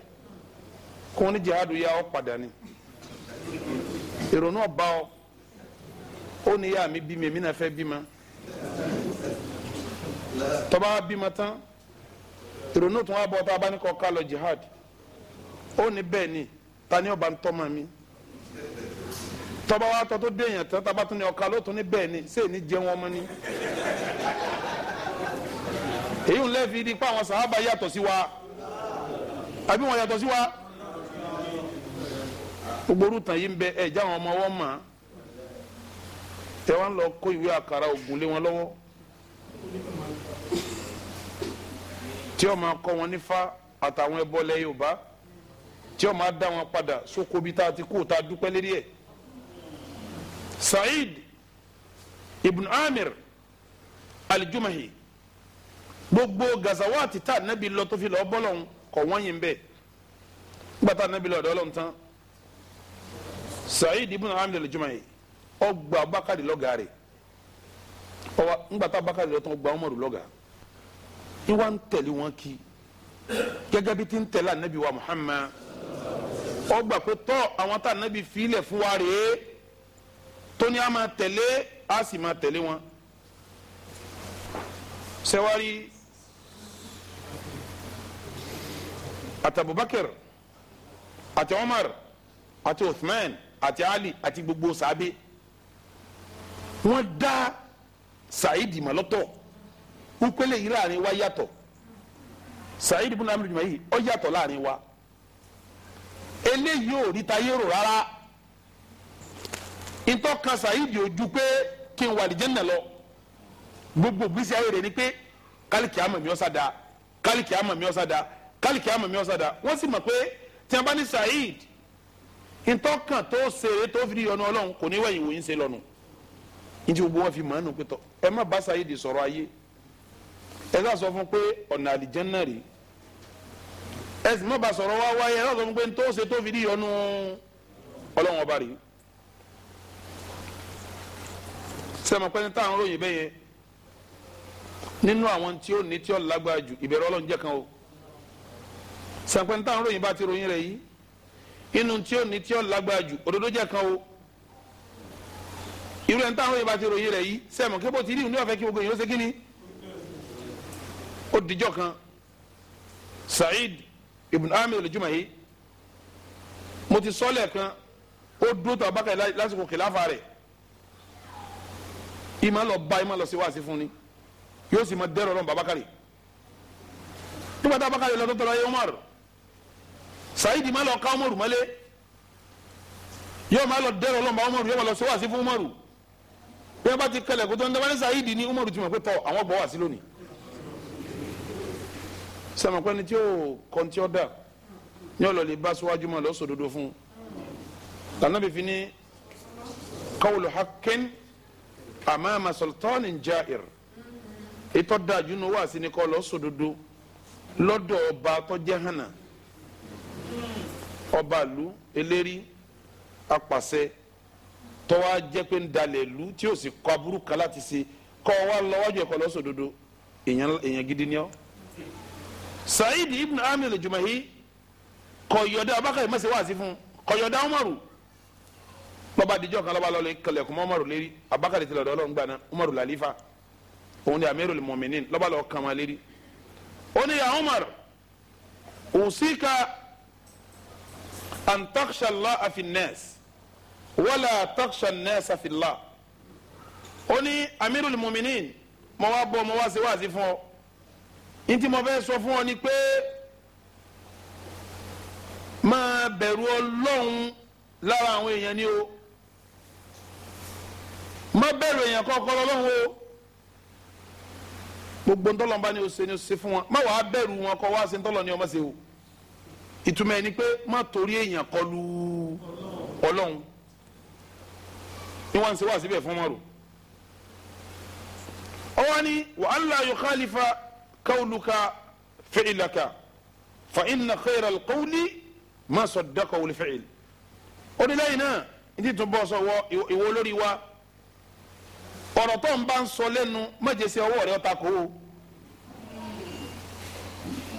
kó wọn ní jihadu yá ọ padà ni ìrònú ọba ọ ó ní yá mi bímọ mi náà fẹ́ bímọ tó bá bímọ tán ìrònú tún wá bọ́ tá a bá ní kọ́ ká lọ jihad ó ní bẹ́ẹ̀ ni ta ni ó bá ń tọ́mọ mi tó bá wa tọ́ tó dé èèyàn tán tá a bá tún ní ọ̀ka ló tún ní bẹ́ẹ̀ ni ṣé ní jẹun ọmọ ni èyí ń lẹ́ẹ̀fi di pa àwọn sàhábà yàtọ̀ sí wa àbí wọn yàtọ̀ sí wa gbogbo orúkọ yìí ń bẹ ẹ̀ já àwọn ọmọ wọn mọ̀ ọ́ ẹ wá ń lọ kó ìwé àkàrà ògùn lé wọn lọ́wọ́ tí ó máa kọ́ wọn nífa àtàwọn ẹbọ lẹ Yorùbá tí ó máa dá wọn padà sóko tá a ti kú tá a dúpẹ́ lérí ẹ̀ Said ibn Amir alijumahi gbogbo gazawati tá anabi lọ tó fi lọ bọ́lọ̀hún kọ̀ wọ́n yìí bẹ́ẹ̀ gbàtà anabi lọ ọlọ́run tán Said ibn Amir alijumahi. ọgbà bákàrí lọ́gàá rẹ̀ ọwọ́ ńgbàtà bákàrí lọ́tàn ọgbà ọmọdù lọ́gàá ìwà ń tẹ̀lé wọn kí gẹ́gẹ́ bí ti ń tẹ̀lé ànábì wa Muhammad ọgbà pé tọ́ àwọn tá ànábì fílẹ̀ fún wa rèé tóní a máa tẹ̀lé a sì máa tẹ̀lé wọn sẹ́wárí àtàbùbákẹ́r àti Umar àti Uthman àti Ali àti gbogbo sàbẹ̀. wọ́n dá saidi malọ́tọ̀ upele yìí láàrin wa yàtọ̀ saidi bùnà amúlùmí yìí ọ yàtọ̀ láàrin wa eléyìí ò níta yérò rárá ìtọ́ka saidi ojú pé kí n wà ní jẹ́nà lọ gbogbo gbèsè ayé rẹ̀ ni pé kálíkì àmọ̀ mi ọ̀sà da kálíkì àmọ̀ mi ọ̀sà da kálíkì àmọ̀ mi ọ̀sà da wọ́n sì saidi ìtọ́kàn tó ṣeré tó fi di ọ̀nà kò ní wẹ̀yìn wòye ń ṣe lọ́nu nti gbogbo wọn fi mọ̀ ẹnu pẹ̀tọ̀ ẹ má bá sáyé di sọ̀rọ̀ ayé ẹ sá sọ fún pé ọ̀nà àlìjẹ́nà rè ẹ sì má bá sọ̀rọ̀ wá wáyé ẹ sá sọ fún pé tó ṣe tó fi di ìyọnu ọlọ́wọ́n ọba rè sẹ́mi pẹ́ni tá à ń ròyìn nínú àwọn tí ó ní tí ó lágbára jù ìbẹ̀rù Ọlọ́run kan o sẹ́mi pẹ́ni tá à bá ti ròyìn rẹ̀ yìí inú tí ó ní tí ó lágbára jù òdodo jẹ́ kan o irú ẹni táwọn yorùbá ti ròyìn rẹ̀ yìí sẹ́mu kébò tí ìdíhùn ní ọ̀fẹ́ kí gbogbo yìí ó ṣe kí ó dijọ́ kan Said ibn Amir al-Jumahi mo ti sọ́lẹ̀ kan ó dúró tó abákà lásìkò kìláfà rẹ̀ ìmọ̀ lọ bá ìmọ̀ lọ sí wáàsí fún ni yóò sì mọ dẹ́rọ̀ lọ́nà babakari nígbà tá abakari lọ tó tọrọ ayé Umar Said ìmọ̀ lọ ká Umaru mọ́lé yóò má lọ dẹ́rọ̀ lọ́nà Umaru yóò má lọ sí wáàsí fún Umaru bí wọ́n bá ti kẹlẹ̀ kó tó ń dábàá Umaru ti mọ̀ pé tọ́ àwọn gbọ́ wà sí lónìí sọmọ ni tí yóò kọ́ tí ó dà ní ọlọ́ọ̀lì bá síwájú mọ́ lọ́sọ̀ òdodo fún un lànà bí fi ní qawlu haqqin amama sultanin ja'ir ìtọ́ dájú ní wàá sí ni kọ́ lọ́sọ̀ òdodo lọ́dọ̀ ọba tọ́jẹ́ hànà ọba ìlú eléri apàṣẹ tọ́wá jẹ́ pé ń dalẹ̀ lu tí ó sì kọ́ aburú kan láti ṣe kọ́ wa lọ́wọ́jú ẹ̀kọ́ lọ́sọ̀dodo èèyàn gidi ni ọ́. Saheed ibn Amir al-Jumahi kọ yọ̀dá Abubakar mẹ́sẹ̀ wá sí fún kọ yọ̀dá Umaru lọ́ba àdìjọ́ kan lọ́ba lọ́lẹ̀ kẹlẹ̀kùn mọ́ Umaru lérí Abubakar ti lọ́dọ̀ Ọlọ́run gbaná Umaru làlífà òun ni Amirul Mu'minin lọ́ba lọ́ kàn lérí. ó ní ya Umar usika an takhsha Allah wala taksha nasa fila ó ní amirul muminin mo wá bọ́ mo wá ṣe wáàzí fún ọ ní tí mo fẹ́ sọ fún ọ ni pé máa bẹ̀rù ọlọ́run lára àwọn èèyàn ni o Ma bẹ̀rù èèyàn kọ́kọ́ lọ́lọ́run o gbogbo ntọ́lọ́nba ni o ṣe ni o ṣe fún wọn má wàá bẹ̀rù wọn kọ́ wá ṣe ntọ́lọ́ ni ọmọ ṣe o ìtumọ̀ ẹni pé má torí èèyàn kọlu ọlọ́run ni wọ́n ń ṣe wá síbẹ̀ fún Umaru ọwọ́ ni wa alla yukhalifa qawluka fi'laka fa inna khayra al-qawli ma saddaqahu al-fi'l ó ní lẹ́yìn náà ní tó bọ́ sọ ìwọ lórí wa ọ̀rọ̀ tó ń bá ń sọ lẹ́nu méjèèsì ọwọ́ rẹ̀ ọ̀ta kó o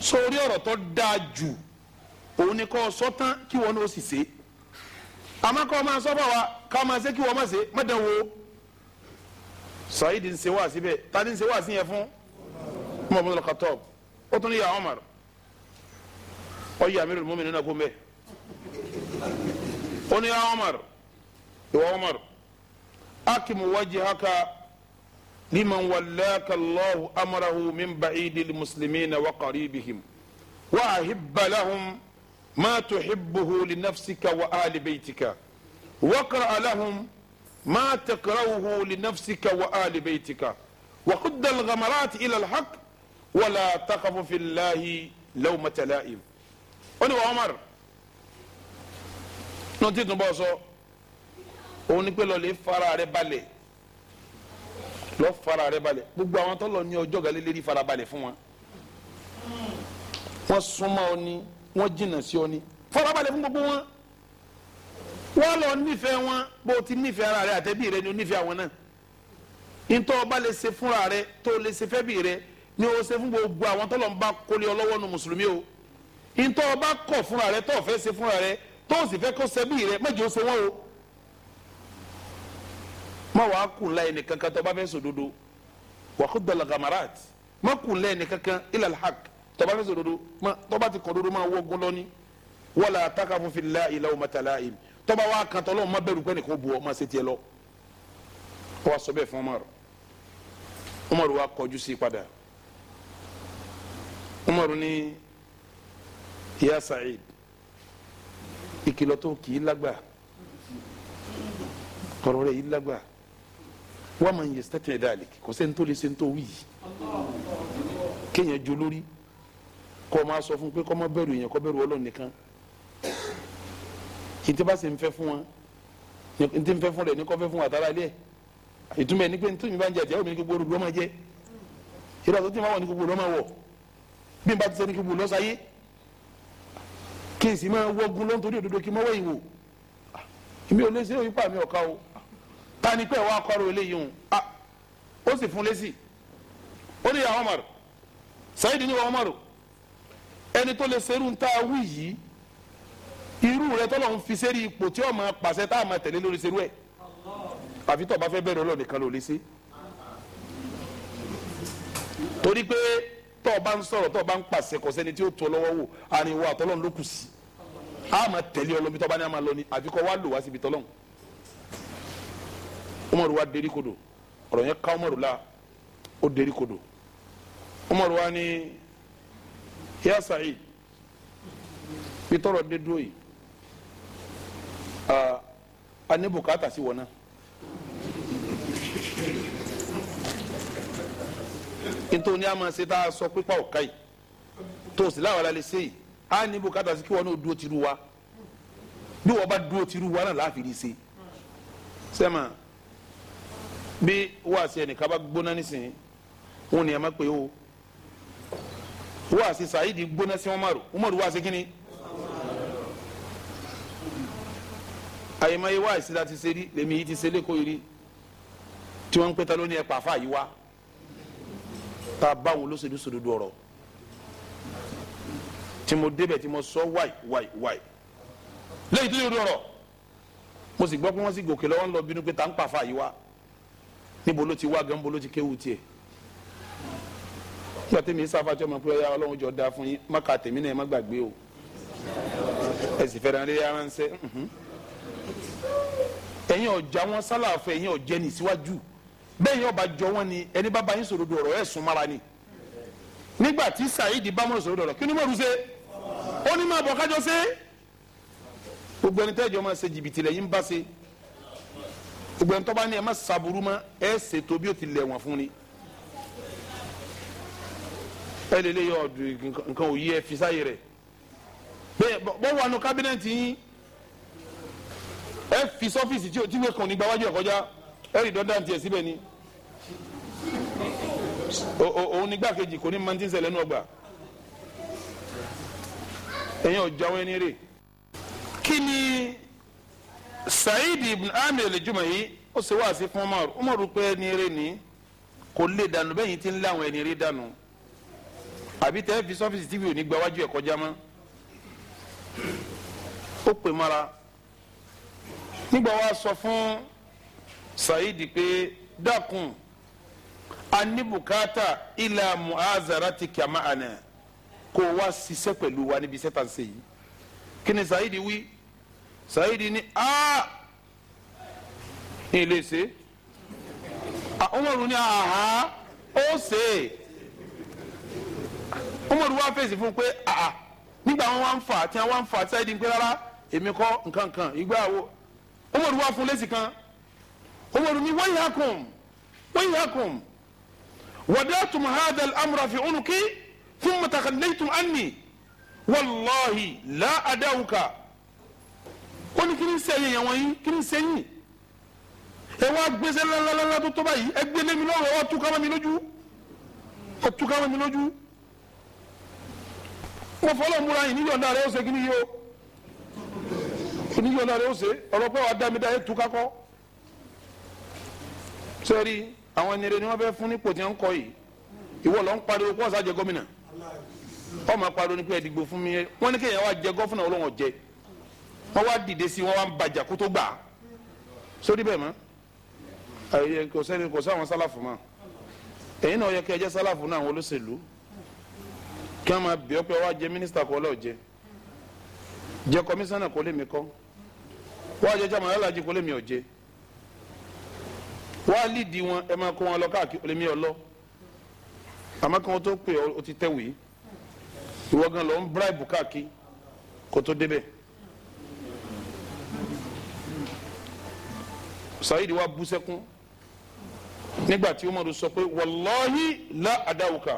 sórí ọ̀rọ̀ tó dáa jù òun ni kò sọ tán kí wọn ó sì ṣe àmọ́ kọ́ máa sọ bá wa ká máa ṣe kí wọ́n má ṣe má dán wo Saheed ń ṣe wáàsí bẹ́ẹ̀ ta ni ń ṣe wáàsí yẹn fún Umar bin Khattab ó tún ní ya Umar ó yí Amirul Mu'minin náà kó mbẹ́ ó ní ya Umar ìwọ Umar liman wallaka Allahu amrahu min ba'idil muslimina wa qaribihim wa ahibba ma tuhibbuhu li nafsika wa ali baytika. وقرأ لهم ما تكرهه لنفسك وآل بيتك وقد الغمرات إلى الحق ولا تخف في الله لومة لائم أنا وعمر nọtí tó ń bọ̀ sọ òun ni pé lọ lè fara rẹ balẹ̀ lọ fara rẹ balẹ̀ gbogbo àwọn tó lọ ní ọjọ́ gàlẹ́ lérí fara balẹ̀ fún wa wọ́n súnmọ́ ọ ni jìnnà sí ọ fara balẹ̀ fún gbogbo wọn wọ́n lọ nífẹ̀ẹ́ wọn bó o ti nífẹ̀ẹ́ ara rẹ àtẹ̀bí rẹ ni o nífẹ̀ẹ́ àwọn náà ntọ́ ọba lè ṣe fúnra rẹ tó lè ṣe fẹ́ bí rẹ ni o ṣe fún gbogbo àwọn tó lọ ń bá kólé ọlọ́wọ́ nu mùsùlùmí o ntọ́ ọba kọ̀ fúnra rẹ tó fẹ́ ṣe fúnra rẹ tó sì fẹ́ kó ṣe bí rẹ mẹ́jọ ṣe wọ́n o má wàá kùn láyé nìkan kan tó bá fẹ́ sòdodo wà kó dọ̀là gamarat má kùn láyé nìkan kan ilal haq tó fẹ́ sòdodo tó bá ti kọ̀ dodo má wọ́gun lọ́ni wala takafu fillahi lawmata la'im tọ́ba wa kan tọ́lọ́ ma bẹ̀rù pé nìkan bu ọ ma ṣe tiẹ̀ lọ ọ wa sọ bẹ́ẹ̀ fún Umaru Umaru wa kọjú sí padà Umaru ni ya Sa'id ìkìlọ̀ tó kì í lágbà ọ̀rọ̀ rẹ̀ yìí lágbà wa man yastati dhalik kò sẹ́ni tó lè sẹ́ni tó wí kéèyàn jolórí kọ́ ọ ma sọ fún pé kọ́ ọ ma yẹn kọ́ bẹ̀rù Ọlọ́run nìkan ntí bá ṣe ń fẹ́ fún wọn ntí ń fẹ́ fún rẹ̀ ní kọ́ fẹ́ fún àtàrà ilé ẹ̀ ìtumọ̀ ní pé ntúmi bá ń jẹ àtẹ̀wọ́ mi ní kí gbogbo ló máa jẹ ìrọ̀ tó ti máa wọ̀ ní kí gbogbo ló máa wọ̀ bí n bá ti sẹ́ ní kí gbogbo lọ́sàáyé kí n sì máa wọ́gun lọ́n torí òdodo kí n mọ́wọ́ ìwò mi ò lè ṣe òyìnbá mi ọ̀ka o ta ni pé ẹ̀ wá kọ́rọ̀ eléyìí hùn ó sì fún lẹ́sì ó ní ya Umar Saidi ní wa Umar ẹni tó lè ṣerú ń tá a wí yìí irú rẹ tọ́lọ̀ ń fi sẹ́rí ipò tí ọmọ pàṣẹ tá a máa tẹ̀lé lórí serú ẹ̀ àfi tọ́ bá fẹ́ bẹ̀rẹ̀ ọlọ́ọ̀ nìkan ló lè ṣe torí pé tọ́ ọ bá ń sọ̀rọ̀ tọ́ ọ bá ń pàṣẹ kò sẹ́ni tí ó tó lọ́wọ́ wò àrìnwó àtọ́lọ́n ló kù sí a máa tẹ̀lé ọlọ́bi tọ́ bá ní a máa lọ ni àfi kọ́ wá lò wá síbi tọ́lọ́n Umaru wa deri kodo ọ̀rọ̀ yẹn ká Umaru la ó deri kodo Umaru wa ni ya Sa'id bí a ní bùkátà sí wọn náà nítorí ní a máa ṣe tá a sọ pípa ọ̀ka yìí tó o sì láwọn alẹ́ ṣe yìí a ní bùkátà sí kí wọn náà dúró tìrú wa bí wọn bá dúró tìrú wa náà láàfin rí ṣe sẹ́mà bí wàásì ẹnìkan bá gbóná nísìnyí wọn ni ẹ má pè é o wàásì sàyídì gbóná sí wọn má wọn má rò wàásì kínní. àyèmáyé wá ìsìlá ti ṣe rí lèmi yìí ti ṣe lẹ́kọ̀ọ́ yìí rí tí wọ́n ń pẹ́ta lónìí ẹ̀pà àfa yìí wá tá a bá wọn lóṣèlú sòdodo ọ̀rọ̀ tí mo débẹ̀ tí mo sọ wáì wáì wáì lẹ́yìn tó yẹ ọ̀rọ̀ mo sì gbọ́ pé wọ́n sì gòkè lọ́wọ́ ń lọ bínú pé tá ń pàfà yìí wá níbo ló ti wá gan bó ló ti kéwù tiẹ̀ nígbà tèmi sáfà tí ọmọ pé ọyá ọlọ́run jọ da fún yín má ka tèmi náà ẹ má gbàgbé o ẹ sì fẹ́ràn rí ara ẹ̀yin ọ̀já wọn sálàfẹ́ ẹ̀yin ọ̀jẹ́ ní síwájú bẹ́ẹ̀ yóò bá jọ wọn ni ẹni bá bá yín sòrodo ọ̀rọ̀ ẹ̀ sùn mára ni nígbà tí Saidi bá mọ̀ sòrodo ọ̀rọ̀ kí ni mo rú ṣe ó ní máa bọ̀ kájọ ṣe gbogbo ẹni tẹ́jọ́ máa ṣe jìbìtì lẹ́yìn bá ṣe gbogbo ẹni tó bá ní ẹ má ṣàbùrú mọ́ ẹ ṣètò bí ó ti lẹ̀ wọ́n fún ni ẹ lè lè yọ ọdún nǹkan òye ẹ fi sáyé rẹ̀ bẹ́ẹ̀ bọ́ wà kábínẹ̀tì yín ẹ fi sọ́fíìsì tí o tíwé kan nígbà wájú ẹ̀ kọjá ẹ rí dọ́dá tiẹ̀ síbẹ̀ ni òun nígbà kejì kò ní máa ti ń ṣẹlẹ̀ nù ọgbà ẹ̀yin ọ̀jọ̀ àwọn ẹni rè kí ni Saheed ibn Amir al-Jumahi ó ṣe wáàsí fún Umar Umar pé ẹni rè ní kò lè dànù bẹ́ẹ̀ yìí ti ń lé ẹni rè dànù àbí tẹ́ fi sọ́fíìsì tíwé ò ní gbà wájú ẹ̀ mọ́ ó pè mọ́ra nígbà wa sọ fún Saidi pé dákun a ní bùkátà ilà muhazara ti kàmá àná kó wá ṣiṣẹ́ pẹ̀lú wa níbi iṣẹ́ tá à ṣe yìí kí ni Saidi wí Saidi ni a ní ilé ṣe Umaru ní aha ó ṣe Umaru wá fèsì fún pé a nígbà wọn wá ń fà tí wọn wá ń fà Saidi ń pé rárá èmi kọ́ nǹkan kan ìgbà wo Umaru wá fún lésì kan Umaru ní wọ́n yà kùn wọ́n yà kùn wadatum hadha al-amra fi unuki thumma takhallaytum anni wallahi la adawuka ó ní kí ni sẹ́yìn yẹn wọ̀nyí kí ni sẹ́yìn ẹ wá gbèsè lálálálá tó tó báyìí ẹ gbélé mi lọ́wọ́ ẹ wá mi lójú ẹ túká mi lójú mo fọlọ́ múra yìí níyọ̀ǹda rẹ ó kí ni yìí o oníyọ̀nà rẹ̀ ó ṣe ọ̀rọ̀ pé wàá dámi dá ètò kakọ́ sẹ́rí àwọn ẹni rẹ̀ ni wọ́n fẹ́ fún nípò tí wọ́n ń kọ́ yìí ìwọ ló ń pariwo kó ọ̀sá jẹ gómìnà ọmọ pariwo ni pé ẹ dìgbò fún mi wọ́n ní kéèyàn wá jẹ gọ́fúnà olóhùn jẹ wọ́n wá dìde sí wọ́n wá ń bàjá kó tó gbà á sórí bẹ́ẹ̀ mọ́ kò sẹ́ni kò sáwọn sálàfù mọ́ ẹ̀yin náà yẹ kí ẹ jẹ́ sálàfù náà àwọn olóṣèlú kí wọ́n máa bí ọ pé wá jẹ mínísítà kọ́ ọlọ́ọ̀jẹ jẹ kọmísánná kò lè mi kọ́ wọ́n jẹ́ jọ́mọ̀ alájí kó lémi ọ̀jẹ́ wọ́n á lídìí wọn ẹ máa kó wọn lọ káàkiri lémi ọlọ́ àmọ́ kí wọ́n tó pè ọ́ ti tẹ̀wé ìwọ gan lọ ń bíráìbù káàkiri kó tó débẹ̀ Saheed wa bú sẹ́kún nígbà tí Umaru sọ pé wàlọ́hí lá àdáwùká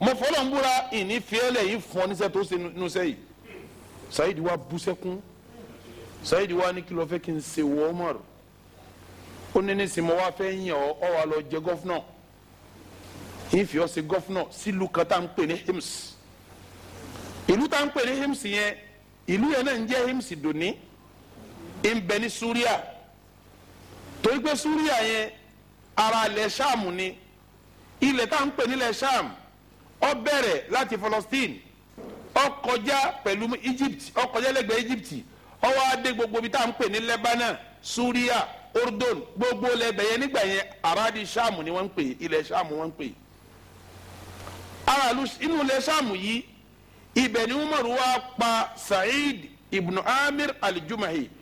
mo fọlọ́ ń búra ìní fiẹ́lẹ̀ yìí fún ọ níṣẹ́ tó ṣe nínú sẹ́yìí Saheed wa bú sẹ́kún sayidi wa ni kí ló fẹ́ kí n ṣe wọ Umar ó ní ní sinmi wa fẹ́ yàn ọ́ ọ́ wa lọ jẹ gọ́fúnà yín fi ọ́ ṣe gọ́fúnà sílùú kan tá à pè ní hims ìlú tá à pè ní hims yẹn ìlú yẹn náà ń jẹ́ hims dòní ń bẹ ní súríà torí pé súríà yẹn ara ilẹ̀ sàmù ni ilẹ̀ tá à ń pè nílẹ̀ sàmù ó bẹ̀rẹ̀ láti Palestine ó kọjá pẹ̀lú Egypt ó kọjá lẹ́gbẹ̀ẹ́ Egypt ọwọ́ adé gbogbo ibi tá à ń pè ní Lebanon Suria Urdun gbogbo lẹbẹ yẹn nígbà yẹn aradi Ṣáàmù ni wọ́n ń pè ilẹ̀ Ṣáàmù wọ́n ń pè aráàlú inú ilẹ̀ Ṣáàmù yìí ibẹ̀ ni Umaru wa pa Sa'id ibn Amir al